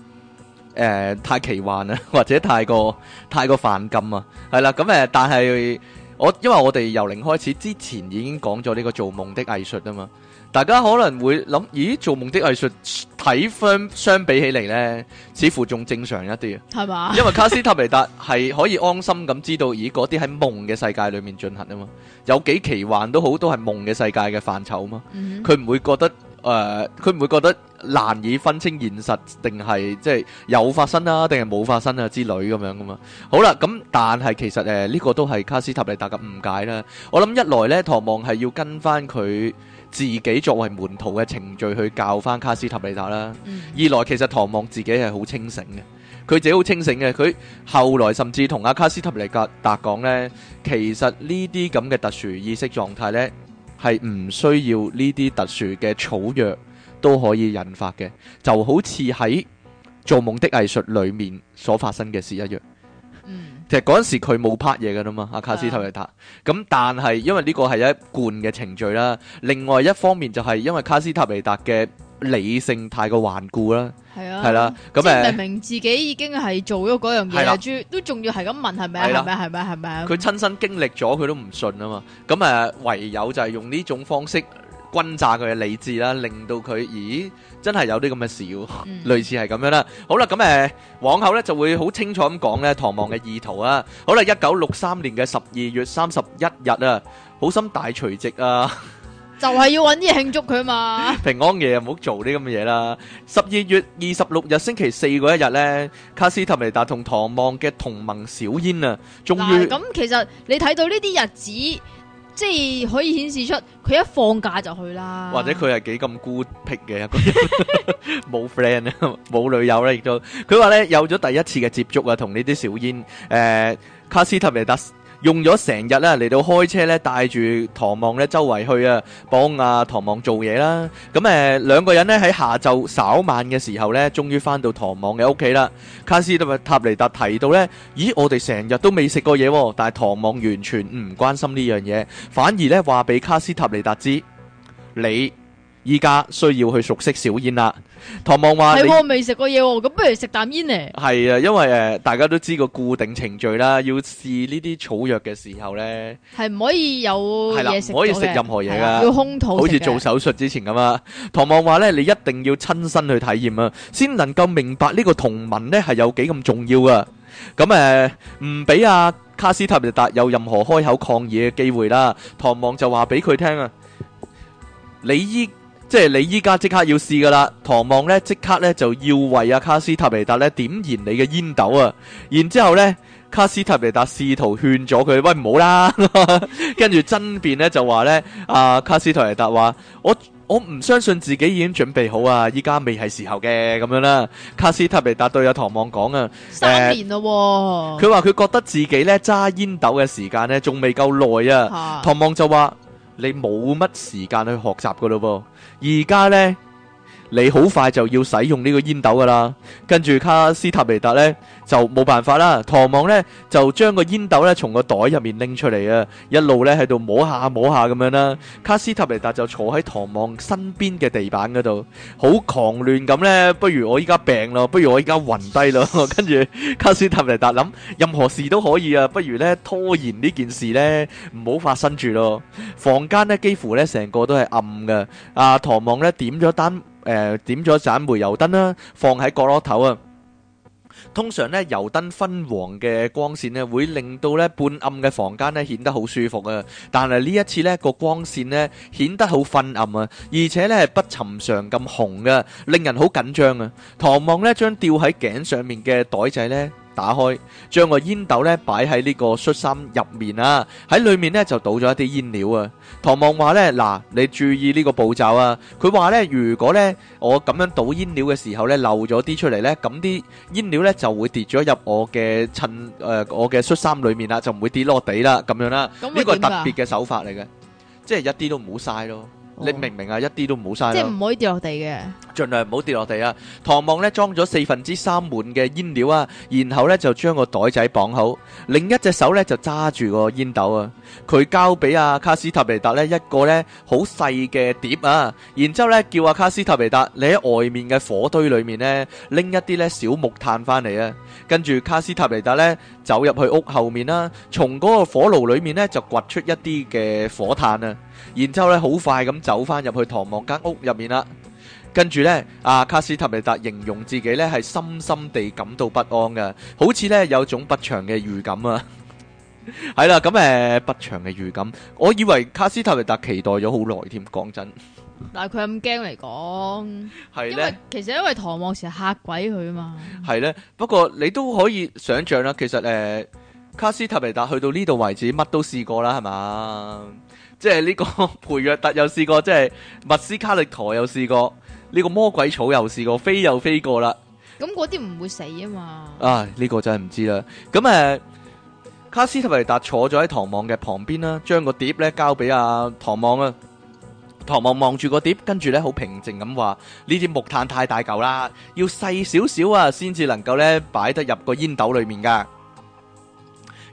呃、太奇幻啊，或者太過太過犯禁啊，係啦咁誒，但係我因為我哋由零開始之前已經講咗呢個做夢的藝術啊嘛。大家可能會諗，咦？做夢的藝術睇翻相比起嚟呢，似乎仲正常一啲啊，係嘛？因為卡斯塔尼達係可以安心咁知道，咦？嗰啲喺夢嘅世界裏面進行啊嘛，有幾奇幻都好，都係夢嘅世界嘅範疇啊嘛。佢唔會覺得誒，佢唔會覺得難以分清現實定係即係有發生啊，定係冇發生啊之類咁樣噶嘛。好啦，咁但係其實誒呢個都係卡斯塔尼達嘅誤解啦。我諗一來呢，唐望係要跟翻佢。自己作為門徒嘅程序去教翻卡斯塔尼達啦。嗯、二來，其實唐望自己係好清醒嘅，佢自己好清醒嘅。佢後來甚至同阿卡斯塔尼達講咧，其實呢啲咁嘅特殊意識狀態呢，係唔需要呢啲特殊嘅草藥都可以引發嘅，就好似喺《做夢的藝術》裏面所發生嘅事一樣。其實嗰陣時佢冇拍嘢㗎啦嘛，阿卡斯塔尼達。咁但係因為呢個係一貫嘅程序啦。另外一方面就係因為卡斯塔尼達嘅理性太過頑固啦。係啊。係啦。咁誒，即係明明自己已經係做咗嗰樣嘢，仲都仲要係咁問係咪係咪係咪係咪？佢親身經歷咗，佢都唔信啊嘛。咁誒，唯有就係用呢種方式。轟炸佢嘅理智啦，令到佢，咦，真係有啲咁嘅事喎，嗯、類似係咁樣啦。好啦，咁、嗯、誒往後咧就會好清楚咁講咧唐望嘅意圖啊。好啦，一九六三年嘅十二月三十一日啊，好心大除夕啊，就係要揾啲嘢慶祝佢嘛。 平安夜唔好做啲咁嘅嘢啦。十二月二十六日星期四嗰一日咧，卡斯塔尼達同唐望嘅同盟小煙啊，終於咁，其實你睇到呢啲日子。即係可以顯示出佢一放假就去啦，或者佢係幾咁孤僻嘅一個人，冇 friend 啊，冇女友咧，亦都佢話咧有咗第一次嘅接觸啊，同呢啲小煙誒卡斯特尼達。呃用咗成日咧、啊、嚟到開車咧，帶住唐望咧周圍去啊，幫阿唐望做嘢啦。咁誒兩個人咧喺下晝稍晚嘅時候咧，終於返到唐望嘅屋企啦。卡斯塔尼達提到咧，咦，我哋成日都未食過嘢喎，啊，但係唐望完全唔關心呢樣嘢，反而咧話俾卡斯塔尼達知你依家需要去熟悉小煙啦。唐望話：係我未食過嘢、啊，咁不如食啖煙咧。係啊，因為誒、呃，大家都知個固定程序啦。要試呢啲草藥嘅時候咧，係唔可以有嘢食，唔可以食任何嘢噶，要空肚。好似做手術之前咁啊。唐望話咧，你一定要親身去體驗啊，先能夠明白呢個同盟咧係有幾咁重要啊。咁誒，唔俾阿卡斯塔爾達有任何開口抗議嘅機會啦。唐望就話俾佢聽啊，你依。即係你依家即刻要試噶啦，唐望呢，即刻呢，就要為阿、啊、卡斯塔尼達呢，點燃你嘅煙斗啊！然之後咧，卡斯塔尼達試圖勸咗佢，喂，唔好啦， 跟住爭辯呢，就話呢，阿、啊、卡斯塔尼達話我我唔相信自己已經準備好啊！依家未係時候嘅咁樣啦。卡斯塔尼達對阿、啊、唐望講啊，三年啦，哦，佢話佢覺得自己呢揸煙斗嘅時間呢仲未夠耐啊。啊，唐望就話你冇乜時間去學習噶咯噃。而家呢？你好快就要使用呢個煙斗噶啦，跟住卡斯塔尼達咧就冇辦法啦。唐望咧就將個煙斗咧從個袋入面拎出嚟啊，一路咧喺度摸下摸下咁樣啦。卡斯塔尼達就坐喺唐望身邊嘅地板嗰度，好狂亂咁咧。不如我依家病咯，不如我依家暈低咯。跟住卡斯塔尼達諗任何事都可以啊，不如咧拖延呢件事咧唔好發生住咯。房間咧幾乎咧成個都係暗㗎，啊唐望咧點咗單。誒，點咗盞煤油燈啦，放喺角落頭啊。通常呢，油燈昏黃嘅光線呢，會令到呢半暗嘅房間呢顯得好舒服啊。但係呢一次呢，個光線呢顯得好昏暗啊，而且呢係不尋常咁紅嘅，令人好緊張啊。唐望呢將吊喺頸上面嘅袋仔呢。打開，將個煙斗咧擺喺呢個恤衫入面啦，喺裏面咧、啊、就倒咗一啲煙料啊。唐望話咧嗱，你注意呢個步驟啊。佢話咧如果咧我咁樣倒煙料嘅時候咧漏咗啲出嚟咧，咁啲煙料咧就會跌咗入我嘅襯誒我嘅恤衫裏面啦，就唔會跌落地啦。咁樣啦，呢個係特別嘅手法嚟嘅，即係一啲都唔好嘥咯。你明唔明啊？一啲都唔好嘥，即係唔可以跌落地嘅，盡量唔好跌落地啊！唐望呢裝咗四分之三滿嘅煙料啊，然後呢就將個袋仔綁好，另一隻手呢就揸住個煙斗啊，佢交俾阿卡斯塔尼達呢一個呢好細嘅碟啊，然之後呢叫阿卡斯塔尼達你喺外面嘅火堆裏面呢拎一啲呢小木炭翻嚟啊，跟住卡斯塔尼達呢，走入去屋後面啦，從嗰個火爐裏面，裏面呢，就掘出一啲嘅火炭啊，然之後咧好快咁走翻入去唐望間屋入面啦，跟住呢，阿卡斯塔尼達形容自己呢，係深深地感到不安嘅，好似呢，有種不祥嘅預感啊，係 啦， 咁誒不祥嘅預感，我以為卡斯塔尼達期待咗好耐添，講真。但係佢咁驚嚟講，係咧呢，因為其實因為唐望成日嚇鬼佢啊嘛。係咧，不過你都可以想象啦，其實誒、呃，卡斯特維達去到呢度為止，乜都試過啦，係嘛？即係呢、這個培約特有試過，即係密斯卡力陀有試過，呢、這個魔鬼草又試過，飛又飛過啦。咁嗰啲唔會死啊嘛。啊，呢、這個真係唔知啦。咁誒、呃，卡斯特維達坐咗喺唐望嘅旁邊啦，將個碟咧交俾阿唐望啊。唐望望住個碟，跟住咧好平靜咁話：呢啲木炭太大嚿喇，要細少少啊，先至能夠咧擺得入個煙斗裡面㗎。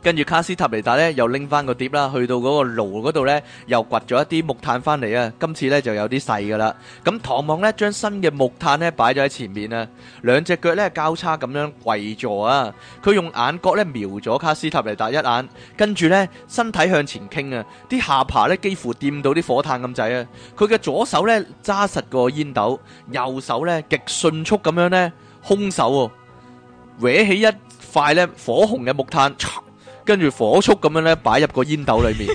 跟住卡斯塔尼達咧，又拎翻個碟啦，去到嗰個爐嗰度咧，又掘咗一啲木炭翻嚟啊！今次咧就有啲細噶啦。咁唐望咧，將新嘅木炭咧擺咗喺前面啊，兩隻腳咧交叉咁樣跪坐啊，佢用眼角咧瞄咗卡斯塔尼達一眼，跟住咧身體向前傾啊，啲下巴咧幾乎掂到啲火炭咁滯啊！佢嘅左手咧揸實個煙斗，右手咧極迅速咁樣咧空手啊，搲起一塊咧火紅嘅木炭。跟住火速咁樣咧，擺入個煙斗裏面。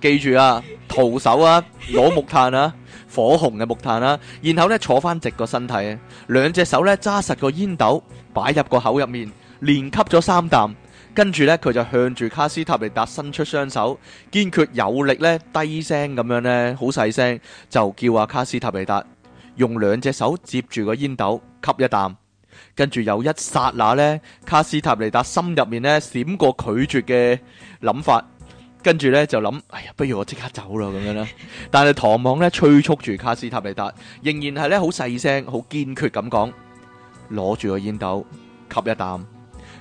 記住啊，徒手啊，攞木炭啊，火紅嘅木炭啦、啊。然後咧坐翻直個身體，兩隻手咧揸實個煙斗，擺入個口入面，連吸咗三啖。跟住咧，佢就向住卡斯塔尼達伸出雙手，堅決有力咧，低聲咁樣咧，好細聲就叫阿、啊、卡斯塔尼達用兩隻手接住個煙斗，吸一啖。跟住有一剎那呢，卡斯塔尼達心入面呢，閃過拒絕嘅諗法，跟住呢，就諗，哎呀，不如我即刻走啦咁樣啦。 但係唐望呢，催促住卡斯塔尼達，仍然係呢，好細聲、好堅決咁講，攞住個煙斗吸一啖，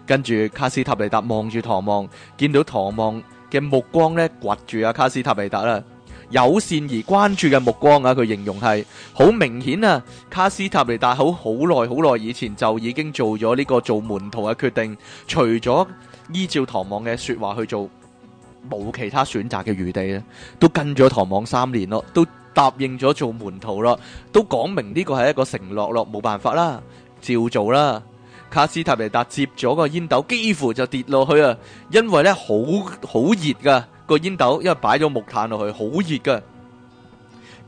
跟住卡斯塔尼達望住唐望，見到唐望嘅目光呢，掘住阿卡斯塔尼達啦。友善而關注嘅目光啊，佢形容係好明顯啊！卡斯塔尼達好好耐好耐以前就已經做咗呢個做門徒嘅決定，除咗依照唐望嘅說話去做，冇其他選擇嘅餘地咧，都跟咗唐望三年咯，都答應咗做門徒咯，都講明呢個係一個承諾咯，冇辦法啦，照做啦！卡斯塔尼達接咗個煙斗，幾乎就跌落去啊，因為呢，好好熱噶。個煙斗，因為擺咗木炭落去，好熱噶。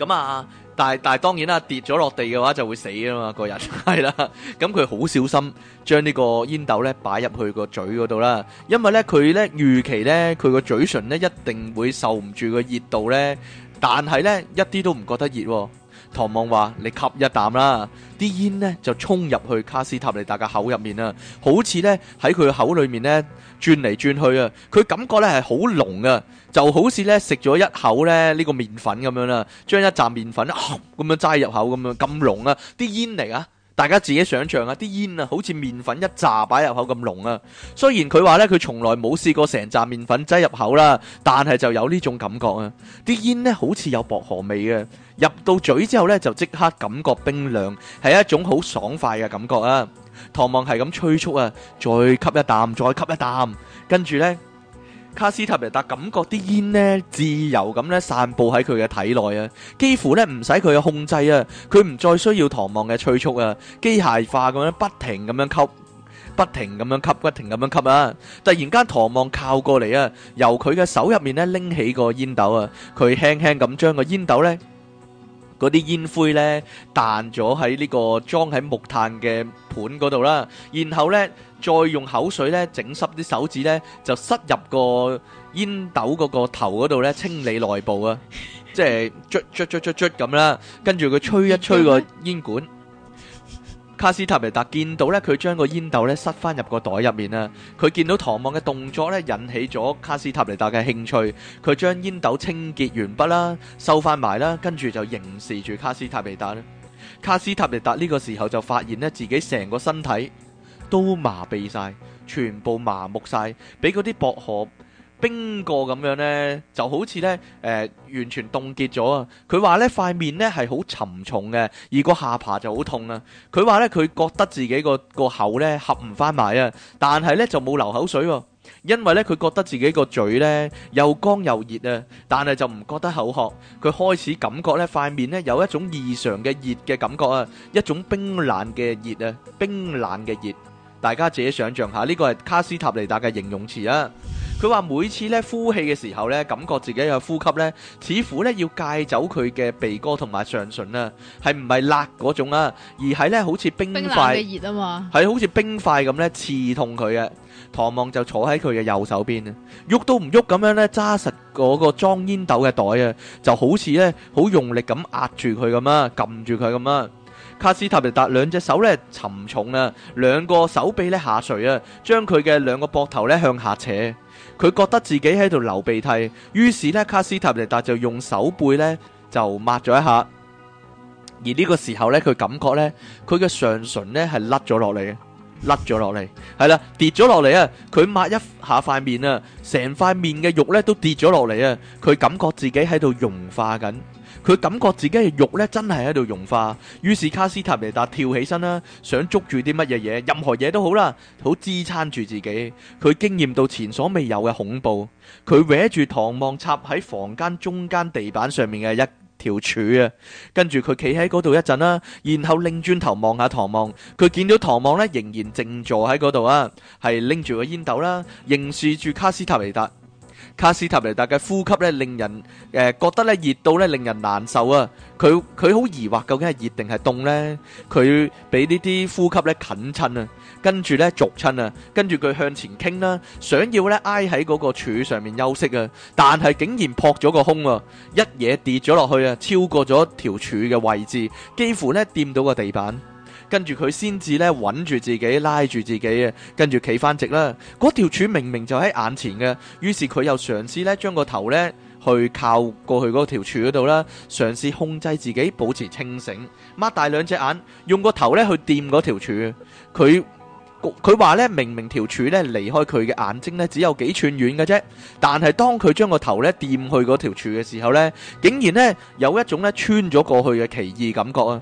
咁啊，但係但係當然啦，跌咗落地嘅話就會死啊嘛，個人係啦。咁佢好小心，將呢個煙斗咧擺入去個嘴嗰度啦。因為咧佢咧預期咧佢個嘴唇咧一定會受唔住個熱度咧，但係咧一啲都唔覺得熱。唐望話：你吸一啖啦，啲煙咧就衝入去卡斯塔利達嘅口入面啦，好似咧喺佢口裏面咧轉嚟轉去啊，佢感覺咧係好濃啊，就好似咧食咗一口咧呢、這個麵粉咁樣啦，將一紮麵粉咁、呃、樣齋入口咁樣咁濃啊，啲煙嚟啊！大家自己想像啊！啲煙啊，好似麵粉一紮擺入口咁濃啊！雖然佢話咧，佢從來冇試過成紮麵粉擠入口啦，但係就有呢種感覺啊！啲煙咧好似有薄荷味嘅，入到嘴之後咧就即刻感覺冰涼，係一種好爽快嘅感覺啊！唐望係咁催促啊，再吸一啖，再吸一啖，跟住咧。卡斯塔尼達感覺啲煙呢，自由咁咧散布喺佢嘅體內啊，幾乎咧唔使佢嘅控制啊，佢唔再需要唐望嘅催促啊，機械化咁樣不停咁樣吸，不停咁樣吸，不停咁樣吸啊！突然間唐望靠過嚟啊，由佢嘅手入面咧拎起個煙斗啊，佢輕輕咁將個煙斗咧嗰啲煙灰咧彈咗喺呢個裝喺木炭嘅盤嗰度啦，然後咧。再用口水咧整濕啲手指咧，就塞入個煙斗嗰個頭嗰度咧清理內部啊！即係捽捽捽捽捽咁啦，跟住佢吹一吹個煙管。卡斯塔尼達見到咧，佢將個煙斗咧塞翻入個袋入面啦。佢見到唐望嘅動作咧，引起咗卡斯塔尼達嘅興趣。佢將煙斗清潔完畢啦，收翻埋啦，跟住就凝視住卡斯塔尼達啦。卡斯塔尼達呢個時候就發現咧自己成個身體，都麻痹晒，全部麻木晒，俾嗰啲薄荷冰過咁樣咧，就好似咧誒，完全凍結咗啊！佢話咧塊面咧係好沉重嘅，而個下巴就好痛啊。佢話咧佢覺得自己個個口咧合唔翻埋啊，但係咧就冇流口水喎，因為咧佢覺得自己個嘴咧又乾又熱啊，但係就唔覺得口渴。佢開始感覺咧塊面咧有一種異常嘅熱嘅感覺啊，一種冰冷嘅熱啊，冰冷嘅熱。大家自己想象下，呢個係卡斯塔尼達嘅形容詞啊！佢話每次咧呼氣嘅時候咧，感覺自己嘅呼吸咧，似乎咧要戒走佢嘅鼻哥同埋上唇啊，係唔係辣嗰種啊？而係咧，好似冰塊嘅熱啊嘛，係好似冰塊咁咧刺痛佢啊。唐望就坐喺佢嘅右手邊啊，喐都唔喐咁樣咧揸實嗰個裝煙斗嘅袋啊，就好似咧好用力咁壓住佢咁啊，撳住佢咁啊。卡斯塔尼達兩隻手咧沉重啊，兩個手臂咧下垂啊，將佢嘅兩個膊頭咧向下扯。佢覺得自己喺度流鼻涕，於是咧卡斯塔尼達就用手背咧就抹咗一下。而呢個時候咧，佢感覺咧，佢嘅上唇咧係甩咗落嚟嘅，甩咗落嚟，係啦，跌咗落嚟啊！佢抹一下面塊面啊，成塊面嘅肉咧都跌咗落嚟啊！佢感覺自己喺度融化緊。佢感覺自己嘅肉咧真係喺度融化，於是卡斯塔尼達跳起身啦，想捉住啲乜嘢嘢，任何嘢都好啦，好支撐住自己。佢經驗到前所未有嘅恐怖，佢搲住唐望插喺房間中間地板上面嘅一條柱啊，跟住佢企喺嗰度一陣啦，然後拎轉頭望下唐望，佢見到唐望咧仍然靜坐喺嗰度啊，係拎住個煙斗啦，凝視住卡斯塔尼達。卡斯塔尼達嘅呼吸咧，令人誒、呃、覺得咧熱到咧令人難受啊！佢佢好疑惑究竟係熱定係凍呢？佢俾呢啲呼吸咧近親啊，跟住咧逐親啊，跟住佢向前傾啦，想要咧挨喺嗰個柱上面休息啊，但係竟然撲咗個空啊，一嘢跌咗落去啊，超過咗條柱嘅位置，幾乎咧掂到個地板。跟住佢先至咧，穩住自己，拉住自己啊！跟住企翻直啦。嗰條柱明明就喺眼前嘅，於是佢又嘗試咧，將個頭咧去靠過去嗰條柱嗰度啦。嘗試控制自己，保持清醒，擘大兩隻眼，用個頭咧去掂嗰條柱。佢佢話咧，明明條柱咧離開佢嘅眼睛咧，只有幾寸遠嘅啫。但係當佢將個頭咧掂去嗰條柱嘅時候咧，竟然咧有一種咧穿咗過去嘅奇異感覺啊！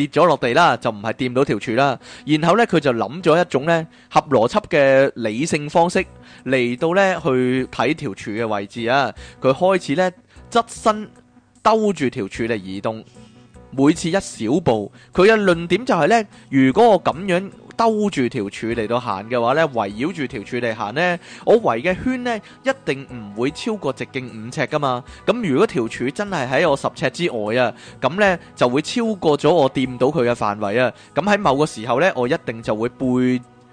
跌咗落地啦，就唔係掂到條柱啦。然後呢，佢就諗咗一種呢合邏輯嘅理性方式嚟到呢去睇條柱嘅位置啊。佢開始呢側身兜住條柱嚟移動。每次一小步，佢嘅論點就係呢，如果我咁樣兜住條柱嚟到行嘅話呢，圍繞住條柱嚟行呢，我圍嘅圈呢一定唔會超過直徑五尺噶嘛。咁如果條柱真係喺我十尺之外啊，咁呢就會超過咗我掂到佢嘅範圍啊。咁喺某個時候呢，我一定就會背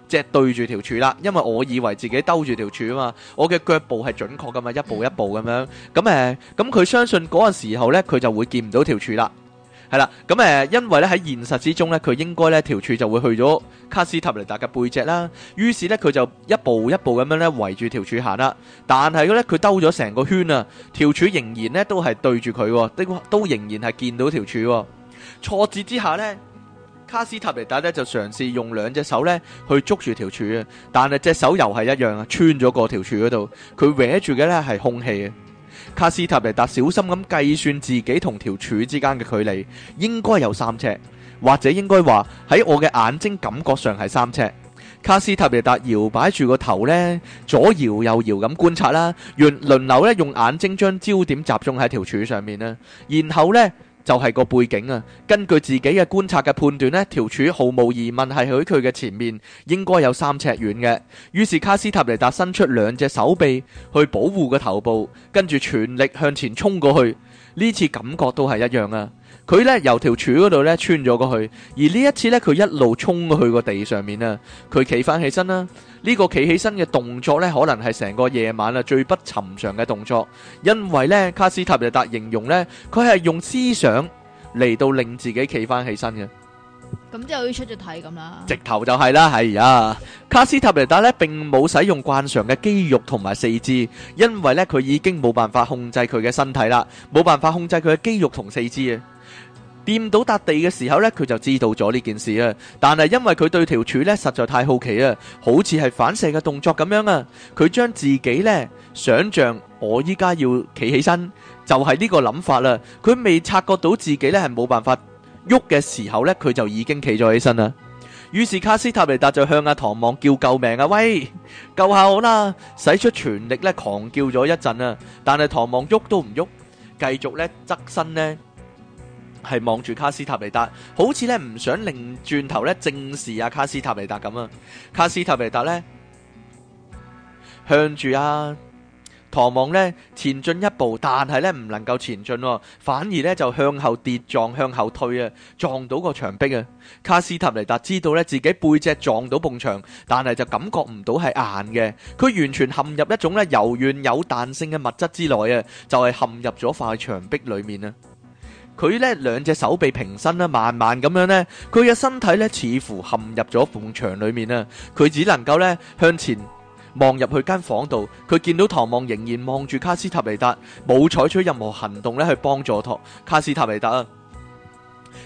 脊對住條柱啦，因為我以為自己兜住條柱啊嘛，我嘅腳步係準確噶嘛，一步一步咁樣。咁誒，咁佢相信嗰個時候呢，佢就會見唔到條柱啦。係啦，咁誒，因為咧喺現實之中咧，佢應該咧條柱就會去咗卡斯塔尼達嘅背脊啦。於是咧佢就一步一步咁樣咧圍住條柱行啦。但係咧佢兜咗成個圈啊，條柱仍然咧都係對住佢，都都仍然係見到條柱。挫折之下咧，卡斯塔尼達咧就嘗試用兩隻手咧去捉住條柱啊，但係隻手又係一樣啊，穿咗個條柱嗰度，佢搲住嘅咧係空氣啊。卡斯塔貝達小心咁計算自己同條柱之間嘅距離，應該有三尺，或者應該話喺我嘅眼睛感覺上係三尺。卡斯塔貝達搖擺住個頭呢，左搖右搖咁觀察啦，完輪流咧用眼睛將焦點集中喺條柱上面啦，然後呢。就係個背景啊！根據自己嘅觀察嘅判斷呢條柱毫無疑問係喺佢嘅前面，應該有三尺遠嘅。於是卡斯塔尼達伸出兩隻手臂去保護個頭部，跟住全力向前衝過去。呢次感覺都係一樣啊！佢咧由條柱嗰度咧穿咗過去，而呢一次咧佢一路衝去個地上面啦。佢企翻起身啦，呢、這個企起身嘅動作咧，可能係成個夜晚啦、啊、最不尋常嘅動作，因為咧卡斯塔尼達形容咧佢係用思想嚟到令自己企翻起身嘅。咁即係好似出咗體咁啦。直頭就係啦，係啊，卡斯塔尼達咧並冇使用慣常嘅肌肉同埋四肢，因為咧佢已經冇辦法控制佢嘅身體啦，冇辦法控制佢嘅肌肉同四肢啊。掂到笪地嘅時候呢，佢就知道咗呢件事啦。但係因為佢對條柱呢實在太好奇啊，好似係反射嘅動作咁樣啊，佢將自己呢想象我依家要企起身，就係呢個諗法啦。佢未察覺到自己呢係冇辦法喐嘅時候呢，佢就已經企咗起身啦。於是卡斯塔尼達就向阿唐望叫救命啊！喂，救下我啦！使出全力咧狂叫咗一陣啦，但係唐望喐都唔喐，繼續咧側身呢。係望住卡斯塔尼達，好似咧唔想擰轉，轉頭咧正視阿卡斯塔尼達咁啊！卡斯塔尼達呢，向住阿唐望呢，前進一步，但係咧唔能夠前進，哦，反而咧就向後跌撞，向後退啊！撞到個牆壁啊！卡斯塔尼達知道咧自己背脊撞到埲牆，但係就感覺唔到係硬嘅，佢完全陷入一種咧柔軟有彈性嘅物質之內啊！就係，是，陷入咗塊牆壁裡面啊！佢咧兩隻手臂平伸啦，慢慢咁樣呢，佢嘅身體咧似乎陷入咗墳牆裡面啊！佢只能夠咧向前望入去間房度，佢見到唐望仍然望住卡斯塔尼達，冇採取任何行動咧去幫助託卡斯塔尼達啊！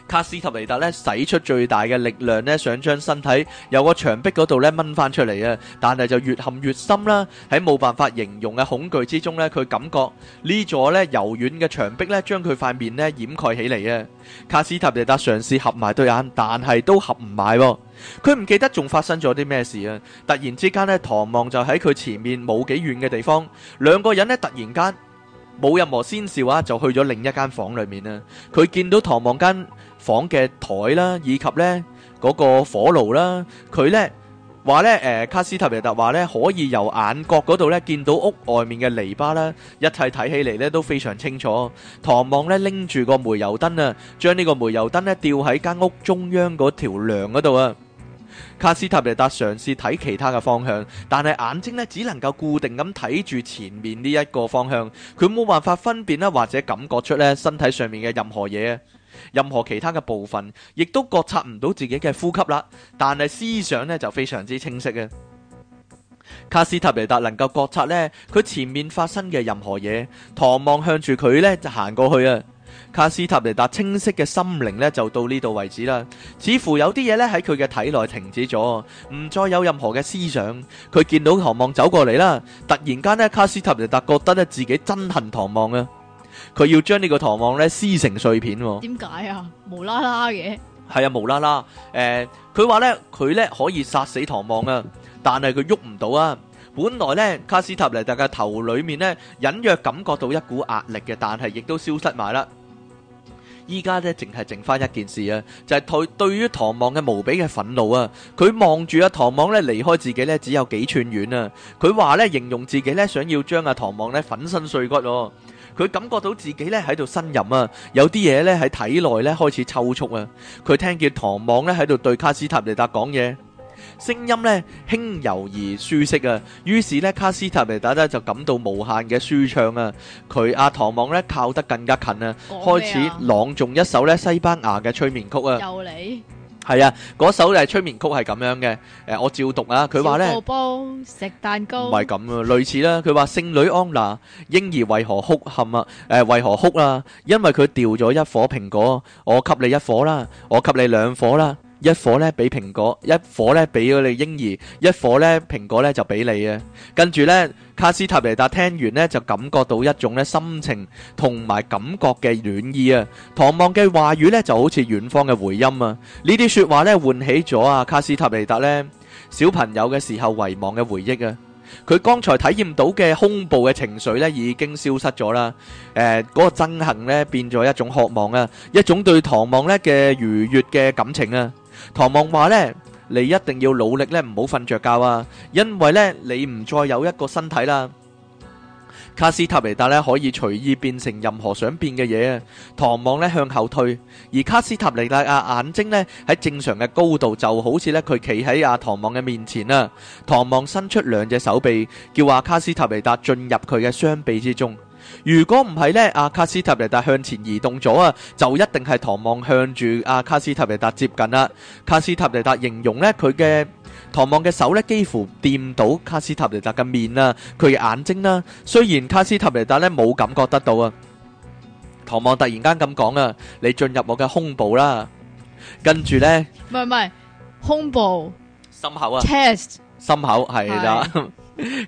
卡斯塔尼達咧使出最大嘅力量咧，想將身體由個牆壁嗰度咧掹翻出嚟啊！但係就越陷越深啦，喺冇辦法形容嘅恐懼之中咧，佢感覺呢座咧柔軟嘅牆壁咧將佢塊面咧掩蓋起嚟啊！卡斯塔尼達嘗試合埋對眼，但係都合唔埋，佢唔記得仲發生咗啲咩事啊！突然之間咧，唐望就喺佢前面冇幾遠嘅地方，兩個人咧突然間。冇任何先兆啊，就去咗另一間房裏面啦。佢見到唐望間房嘅枱啦，以及呢嗰個火爐啦。佢呢話呢誒，卡斯塔尼達話呢可以由眼角嗰度呢見到屋外面嘅泥巴啦，一切睇起嚟呢都非常清楚。唐望呢拎住個煤油燈啊，將呢個煤油燈呢吊喺間屋中央嗰條梁嗰度啊。卡斯塔尼達嘗試睇其他嘅方向，但係眼睛呢只能夠固定咁睇住前面呢一個方向，佢冇辦法分辨呢或者感覺出呢身體上面嘅任何嘢，任何其他嘅部分，亦都覺察唔到自己嘅呼吸啦。但係思想呢，就非常之清晰嘅，卡斯塔尼達能夠覺察呢，佢前面發生嘅任何嘢，唐望向住佢呢，就行過去啊。卡斯塔尼達清晰嘅心靈咧就到呢度為止啦，似乎有啲嘢咧喺佢嘅體內停止咗，唔再有任何嘅思想。佢見到唐望走過嚟啦，突然間咧卡斯塔尼達覺得咧自己憎恨唐望啊，佢要將呢個唐望咧撕成碎片。點解啊？無啦啦嘅係啊，無啦啦。誒，佢話咧佢咧可以殺死唐望啊，但係佢喐唔到啊。本來咧卡斯塔尼達嘅頭裏面咧隱約感覺到一股壓力嘅，但係亦都消失埋啦。依家咧，淨係剩翻一件事啊，就係佢對於唐望嘅無比嘅憤怒啊！佢望住阿唐望咧離開自己咧，只有幾寸遠啊！佢話咧形容自己咧想要將阿唐望咧粉身碎骨哦！佢感覺到自己咧喺度呻吟啊，有啲嘢咧喺體內咧開始抽搐啊！佢聽見唐望咧喺度對卡斯塔尼達講嘢。聲音咧輕柔而舒適啊，於是咧卡斯塔尼達咧就感到無限嘅舒暢啊。佢阿唐望咧靠得更加近啊，開始朗誦一首咧西班牙嘅催眠曲啊。又嚟係啊，嗰首就係催眠曲，係咁樣嘅。誒，我照讀啊。佢話咧，寶寶食蛋糕唔係咁啊，類似啦。佢話聖女安娜，嬰兒為何哭喊啊？誒，為何哭啊？因為佢掉咗一顆蘋果，我給你一顆啦，我給你兩顆啦。一火咧俾蘋果，一火咧俾咗你嬰兒，一火咧蘋果咧就俾你啊！跟住咧，卡斯塔尼達聽完咧就感覺到一種咧心情同埋感覺嘅暖意啊！唐望嘅話語咧就好似遠方嘅回音啊！呢啲說話咧喚起咗啊卡斯塔尼達咧小朋友嘅時候遺忘嘅回憶啊！佢剛才體驗到嘅恐怖嘅情緒咧已經消失咗啦，誒嗰個憎恨咧變咗一種渴望啊，一種對唐望咧嘅愉悅嘅感情啊！唐望話呢，你一定要努力咧，唔好瞓着覺啊！因為咧，你唔再有一個身體啦。卡斯塔尼達咧可以隨意變成任何想變嘅嘢啊！唐望咧向後退，而卡斯塔尼達啊眼睛咧喺正常嘅高度，就好似咧佢企喺阿唐望嘅面前啊。唐望伸出兩隻手臂，叫阿卡斯塔尼達進入佢嘅雙臂之中。如果唔係呢，阿、啊、卡斯塔尼達向前移動咗啊，就一定係唐望向住阿卡斯塔尼達接近啦。卡斯塔尼達形容呢，佢嘅唐望嘅手呢幾乎掂到卡斯塔尼達嘅面啊，佢嘅眼睛啦、啊。雖然卡斯塔尼達呢冇感覺得到啊，唐望突然間咁講啊，你進入我嘅胸部啦，跟住呢，唔係唔係胸部，心口啊，chest，心口係啦。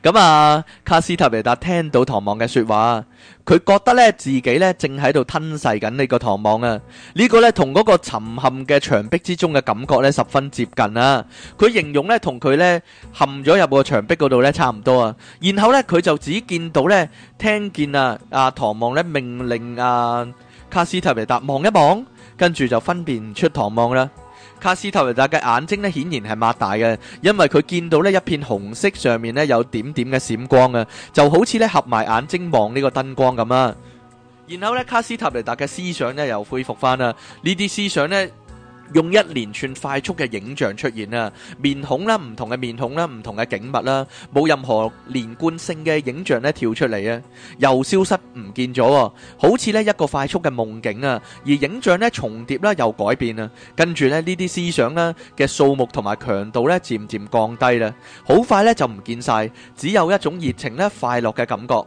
咁、嗯、啊，卡斯特維達聽到唐望嘅說話，佢覺得咧自己咧正喺度吞噬緊呢、呢個唐望啊，呢個咧同嗰個沉陷嘅牆壁之中嘅感覺咧十分接近啊。佢形容咧同佢咧陷咗入個牆壁嗰度咧差唔多啊。然後咧佢就只見到咧聽見啊，阿唐望咧命令啊卡斯特維達望一望，跟住就分辨唔出唐望啦。卡斯塔尼達嘅眼睛咧，顯然係擘大嘅，因為佢見到咧一片紅色上面咧有點點嘅閃光啊，就好似咧合埋眼睛望呢個燈光咁啊。然後咧，卡斯塔尼達嘅思想咧又恢復返啦，呢啲思想咧。用一連串快速嘅影像出現啊，面孔啦，唔同嘅面孔啦，唔同嘅景物啦，冇任何連貫性嘅影像咧跳出嚟啊，又消失唔見咗啊，好似咧一個快速嘅夢境啊，而影像咧重疊啦，又改變啊，跟住咧呢啲思想咧嘅數目同埋強度咧漸漸降低啦，好快咧就唔見晒，只有一種熱情咧快樂嘅感覺，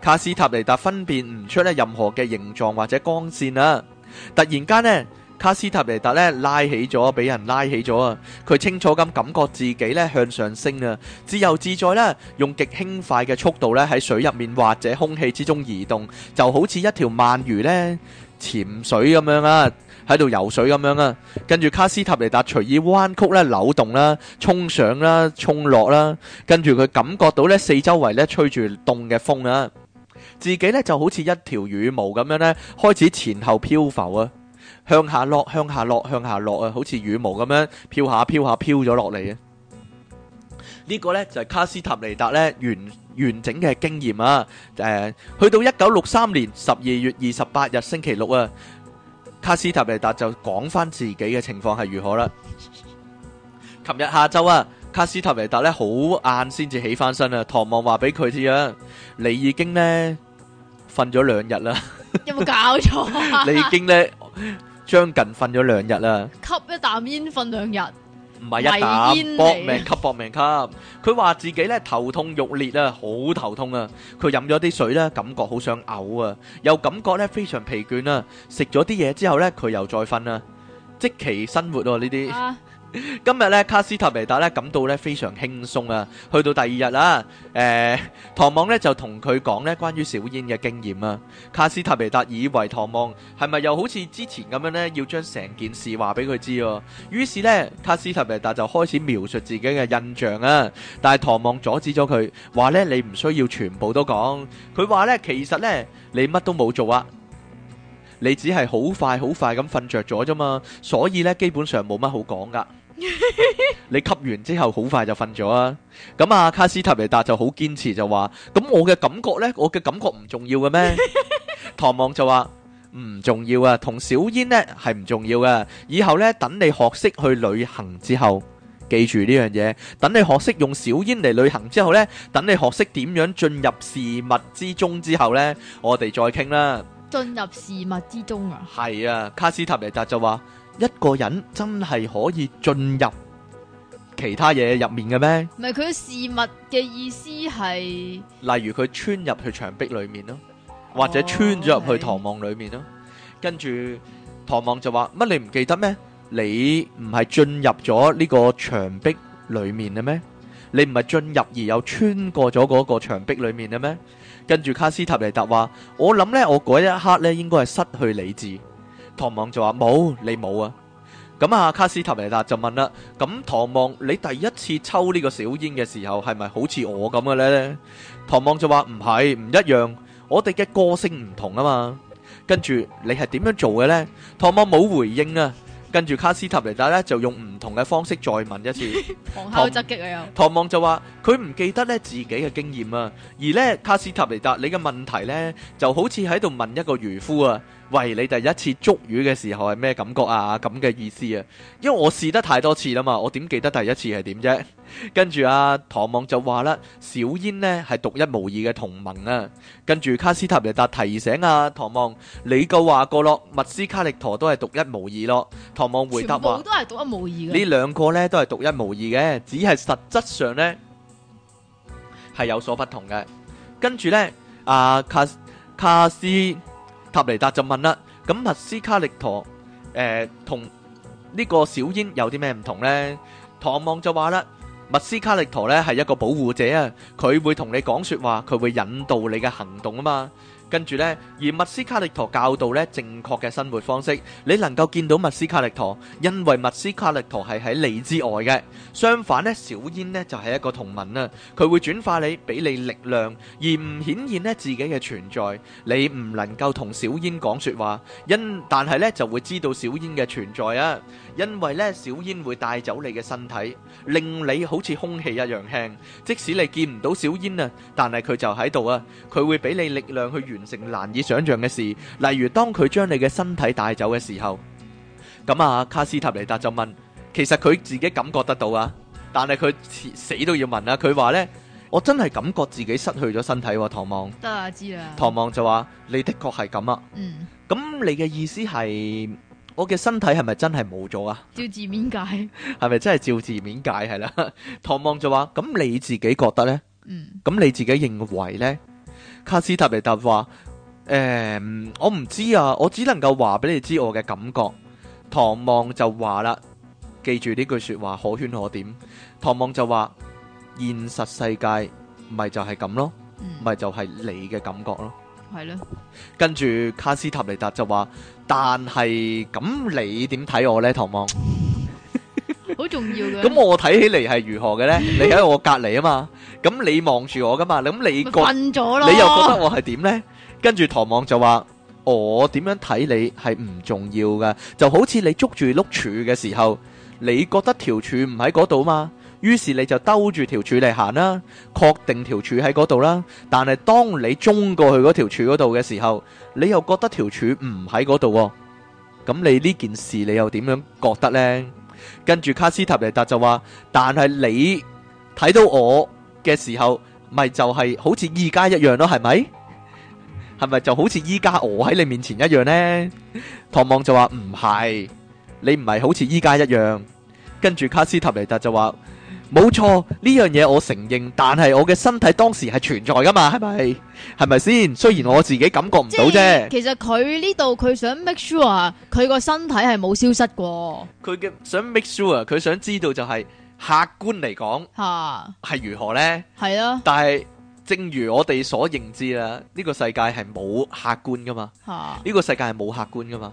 卡斯塔尼達分辨唔出咧任何嘅形狀或者光線啦，突然間咧。卡斯塔尼達咧拉起咗，俾人拉起咗啊！佢清楚咁感覺自己咧向上升啊，自由自在啦，用極輕快嘅速度咧喺水入面或者空氣之中移動，就好似一條鰻魚咧潛水咁樣啊，喺度游水咁樣啊！跟住卡斯塔尼達隨意彎曲咧扭動啦，衝上啦，衝落啦，跟住佢感覺到咧四周圍咧吹住凍嘅風啊，自己咧就好似一條羽毛咁樣咧開始前後漂浮啊！向下落，向下落，向下落啊！好似羽毛咁樣飄下飄下飄咗落嚟！啊，呢、這個呢，就係、是、卡斯塔尼達呢完完整嘅經驗啊！誒、呃，去到一九六三年十二月二十八日星期六啊，卡斯塔尼達就講翻自己嘅情況係如何啦。琴日下晝啊，卡斯塔尼達呢好晏先至起翻身啊，唐望話俾佢知啊，你已經呢，瞓咗兩日啦，有冇搞錯？ 你已經呢。 將近瞓咗兩日啦，吸一啖煙瞓兩日，唔係一啖，搏命吸搏命吸。佢話自己咧頭痛欲裂啊，好頭痛啊。佢飲咗啲水咧，感覺好想嘔啊，又感覺咧非常疲倦啊。食咗啲嘢之後咧，佢又再瞓啊。即期生活哦呢啲。今日咧，卡斯塔維達咧感到咧非常輕鬆啊！去到第二日啦，誒、欸，唐望，咧就同佢講咧關於小煙嘅經驗啊。卡斯塔維達以為唐望係咪又好似之前咁樣咧，要將成件事話俾佢知？於是呢，卡斯塔維達就開始描述自己嘅印象啊。但係唐望阻止咗佢，話咧，你唔需要全部都講。佢話咧，其實咧你乜都冇做啊，你只係好快好快咁瞓着咗啫嘛，所以咧基本上冇乜好講噶。 你吸完之後好快就瞓咗啊！咁啊，卡斯塔尼達就好堅持就話，咁我嘅感覺呢？我嘅感覺唔重要嘅咩？唐 望就話唔重要啊，同小煙呢係唔重要噶。以後呢，等你學識去旅行之後，記住呢樣嘢。等你學識用小煙嚟旅行之後呢，等你學識點樣進入事物之中之後呢，我哋再傾啦。進入事物之中啊？係啊，卡斯塔尼達就話。一個人真係可以進入其他嘢入面嘅咩？唔係，佢事物嘅意思係，例如佢穿入去牆壁裏面咯，或者穿咗入去唐望裏面咯，跟住唐望就話，乜你唔記得咩？你唔係進入咗呢個牆壁裏面嘅咩？你唔係進入而又穿過咗嗰個牆壁裏面嘅咩？跟住卡斯塔尼達話，我諗呢，我嗰一刻呢，應該係失去理智。唐望就話冇，你冇啊！咁啊，卡斯塔尼達就問啦：咁唐望你第一次抽呢個小煙嘅時候，係咪好似我咁嘅呢？唐望就話唔係，唔一樣，我哋嘅個性唔同啊嘛。跟住你係點樣做嘅呢？唐望冇回應啊。跟住卡斯塔尼達呢就用唔同嘅方式再問一次，堂下嘅擊啊又。唐望就話佢唔記得呢自己嘅經驗啊，而呢卡斯塔尼達你嘅問題呢就好似喺度問一個漁夫啊。喂，你第一次捉魚嘅時候係咩感覺啊？咁嘅意思啊？因為我試得太多次啦嘛，我點記得第一次係點啫？跟住啊，唐望就話啦，小煙呢係獨一無二嘅同盟啊。跟住卡斯塔尼達提醒啊，唐望，你夠話過咯，密斯卡力陀都係獨一無二咯。唐望回答話：全部都係獨一無二嘅。呢兩個呢都係獨一無二嘅，只係實質上呢係有所不同嘅。跟住呢，阿、啊、卡卡斯。嗯塔尼達就問啦，咁密斯卡力陀誒、呃、同，同呢個小煙有啲咩唔同呢？」唐望就話啦，墨斯卡力陀咧係一個保護者啊，佢會同你講説話，佢會引導你嘅行動啊嘛。跟住呢，而墨斯卡力陀教導呢正確嘅生活方式，你能夠見到墨斯卡力陀，因為墨斯卡力陀係喺你之外嘅。相反呢，小煙呢就係一個同盟啊，佢會轉化你，俾你力量，而唔顯現呢自己嘅存在。你唔能夠同小煙講説話，因但係呢就會知道小煙嘅存在啊。因為呢小煙會帶走你嘅身體，令你好似空氣一樣輕。即使你見唔到小煙啊，但係佢就喺度啊，佢會俾你力量去完成難以想象嘅事，例如當佢將你嘅身體帶走嘅時候，咁啊卡斯塔尼達就問：其實佢自己感覺得到啊，但係佢死都要問啊。佢話呢：「我真係感覺自己失去咗身體啊，唐望。得啊，知啦。唐望就話：你的確係咁啊。嗯。咁你嘅意思係，我嘅身體係咪真係冇咗啊？照字面解，係咪 真係照字面解係啦？ 唐望就話：咁你自己覺得呢？嗯。咁你自己認為呢？」卡斯塔尼達話：誒、欸，我唔知啊，我只能夠話俾你知我嘅感覺。唐望就話啦，記住呢句說話可圈可點。唐望就話：現實世界咪就係咁咯，咪、嗯、就係你嘅感覺咯。係咯的。跟住卡斯塔尼達就話：但係咁，你點睇我呢？唐望。好重要嘅。咁我睇起嚟係如何嘅咧？你喺我隔籬啊嘛，咁你望住我噶嘛，咁你覺，困咗咯，你又覺得我係點咧？跟住唐望就話，我點樣睇你係唔重要噶，就好似你捉住碌柱嘅時候，你覺得條柱唔喺嗰度嘛？於是你就兜住條柱嚟行啦，確定條柱喺嗰度啦。但係當你中過去嗰條柱嗰度嘅時候，你又覺得條柱唔喺嗰度喎？咁你呢件事你又點樣覺得咧？跟住卡斯塔尼達就話，但係你睇到我嘅時候，咪就係好似依家一樣咯，係咪？係咪就好似依家我喺你面前一樣呢？唐望就話唔係，你唔係好似依家一樣。跟住卡斯塔尼達就話。冇錯，呢樣嘢我承認，但係我嘅身體當時係存在噶嘛，係咪？係咪先？雖然我自己感覺唔到啫。其實佢呢度佢想 make sure 佢個身體係冇消失過。佢嘅想 make sure 佢想知道就係、是、客觀嚟講吓係如何呢？係啊。但係正如我哋所認知啦，呢、這個世界係冇客觀噶嘛。吓哈，呢個世界係冇客觀噶嘛。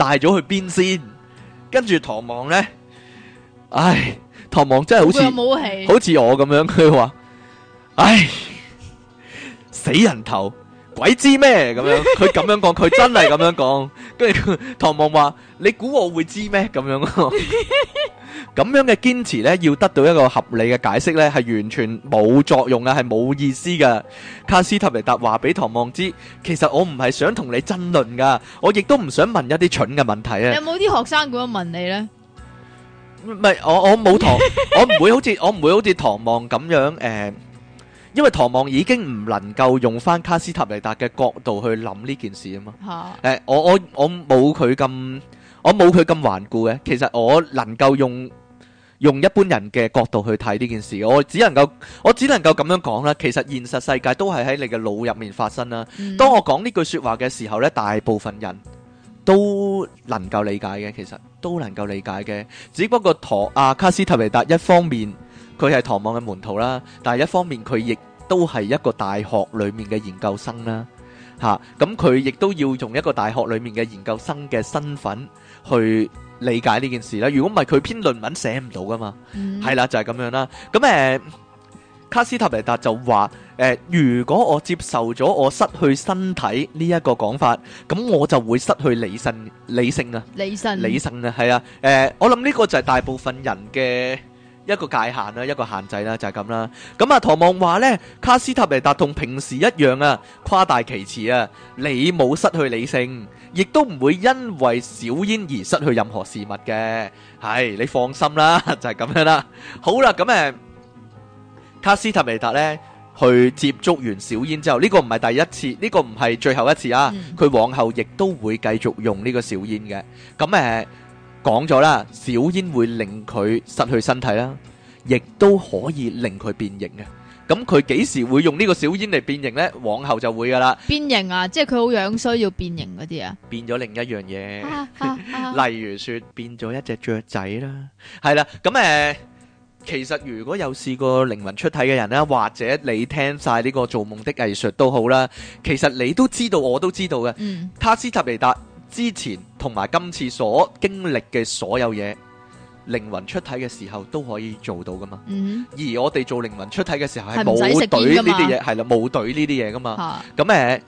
帶咗去邊先？跟住唐望咧，唉，唐望真係好似好似我咁樣，佢話唉，死人頭，鬼知咩？咁樣佢咁樣講，佢真係咁樣講。跟住唐望話：你估我會知咩？咁樣。 咁樣嘅堅持呢，要得到一個合理嘅解釋呢，係完全冇作用嘅，係冇意思嘅。卡斯塔尼達話俾唐望知，其實我唔係想同你爭論噶，我亦都唔想問一啲蠢嘅問題啊！有冇啲學生咁樣問你呢？唔係我我冇唐，我唔會好似我唔會好似唐望咁樣誒，因為唐望已經唔能夠用翻卡斯塔尼達嘅角度去諗呢件事啊嘛。誒，我我我冇佢咁。我冇佢咁頑固嘅，其實我能夠用用一般人嘅角度去睇呢件事，我只能夠我只能夠咁樣講啦。其實現實世界都係喺你嘅腦入面發生啦。當我講呢句說話嘅時候呢，大部分人都能夠理解嘅，其實都能夠理解嘅。只不過托阿卡斯提維達一方面佢係唐望嘅門徒啦，但係一方面佢亦都係一個大學裏面嘅研究生啦。吓，咁佢亦都要用一個大學裏面嘅研究生嘅身份，去理解呢件事啦，如果唔係佢篇論文寫唔到噶嘛，係啦、嗯、就係、是、咁樣啦。咁誒、呃，卡斯塔維達就話誒、呃，如果我接受咗我失去身體呢一個講法，咁我就會失去理性理性啊，理性理性啊，係啊。誒、呃，我諗呢個就係大部分人嘅一個界限啦，一個限制、就是、啦，就係咁啦。咁啊，唐望話呢，卡斯塔維達同平時一樣啊，誇大其詞啊，你冇失去理性。亦都唔會因為小煙而失去任何事物嘅。係你放心啦，就係咁樣啦。好啦，咁誒，卡斯塔尼達呢，佢接觸完小煙之後，呢個唔係第一次，呢個唔係最後一次啊。佢往後亦都會繼續用呢個小煙嘅。咁誒，講咗啦，小煙會令佢失去身體啦，亦都可以令佢變形嘅。咁佢幾時會用呢個小煙嚟變形呢？往後就會噶啦。變形啊，即係佢好樣衰要變形嗰啲啊？變咗另一樣嘢，啊啊啊、 例如說變咗一隻雀仔啦，係啦、嗯。咁誒、呃，其實如果有試過靈魂出體嘅人咧，或者你聽晒呢個做夢的藝術都好啦，其實你都知道，我都知道嘅。嗯，卡斯塔尼達之前同埋今次所經歷嘅所有嘢。靈魂出體嘅時候都可以做到㗎嘛，嗯、而我哋做靈魂出體嘅時候係冇對呢啲嘢，係啦冇對呢啲嘢㗎嘛。咁誒的、呃，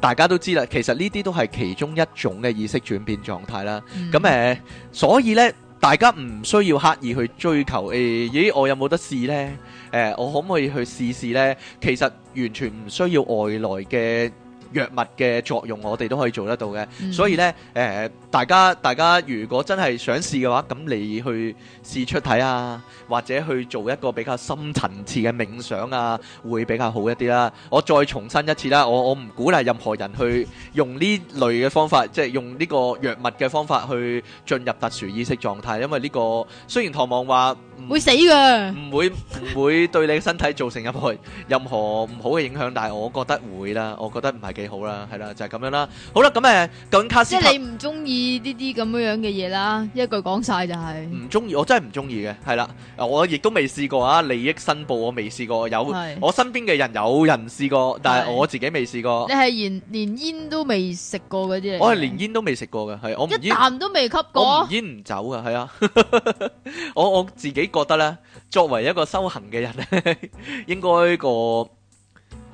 大家都知啦，其實呢啲都係其中一種嘅意識轉變狀態啦。咁誒、嗯呃，所以呢，大家唔需要刻意去追求誒，咦、哎、我有冇得試呢？誒、呃，我可唔可以去試試呢？」其實完全唔需要外來嘅。藥物嘅作用，我哋都可以做得到嘅，嗯、所以呢，誒、呃，大家大家如果真係想試嘅話，咁你去試出睇啊，或者去做一個比較深層次嘅冥想啊，會比較好一啲啦。我再重申一次啦，我我唔鼓勵任何人去用呢類嘅方法，即係用呢個藥物嘅方法去進入特殊意識狀態，因為呢、這個雖然唐望話，會死噶， 唔會唔會對你嘅身體造成任何任何唔好嘅影響，但係我覺得會啦，我覺得唔係幾好啦，係啦，就係、是、咁樣啦。好啦，咁、嗯、誒，咁卡斯卡即係你唔中意呢啲咁樣樣嘅嘢啦，一句講晒就係唔中意，我真係唔中意嘅，係啦，我亦都未試過啊，利益申報我未試過，有是我身邊嘅人有人試過，但係我自己未試過。你係連煙連煙都未食過嗰啲，我係連煙都未食過嘅，係我一啖都未吸過，唔煙唔酒嘅，係啊，我不不 我，我自己。你覺得咧，作為一個修行嘅人咧，應該個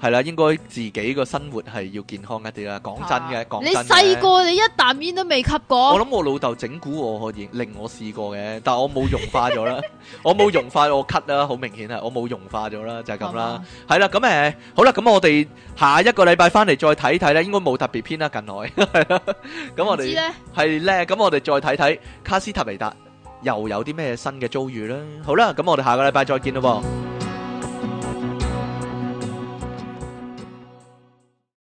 係啦，應該自己個生活係要健康一啲啦。講真嘅，講真嘅，你細個你一啖煙都未吸過。我諗我老豆整蠱我，令我試過嘅，但我冇融化咗啦，我冇融化，我咳啦，好明顯啊，我冇融化咗啦，就係咁啦，係啦，咁誒，好啦，咁我哋下一個禮拜翻嚟再睇睇咧，應該冇特別篇啦，近來。咁我哋係咧，咁我哋再睇睇卡斯塔維達，又有啲咩新嘅遭遇咧？好啦，咁我哋下個禮拜再見咯。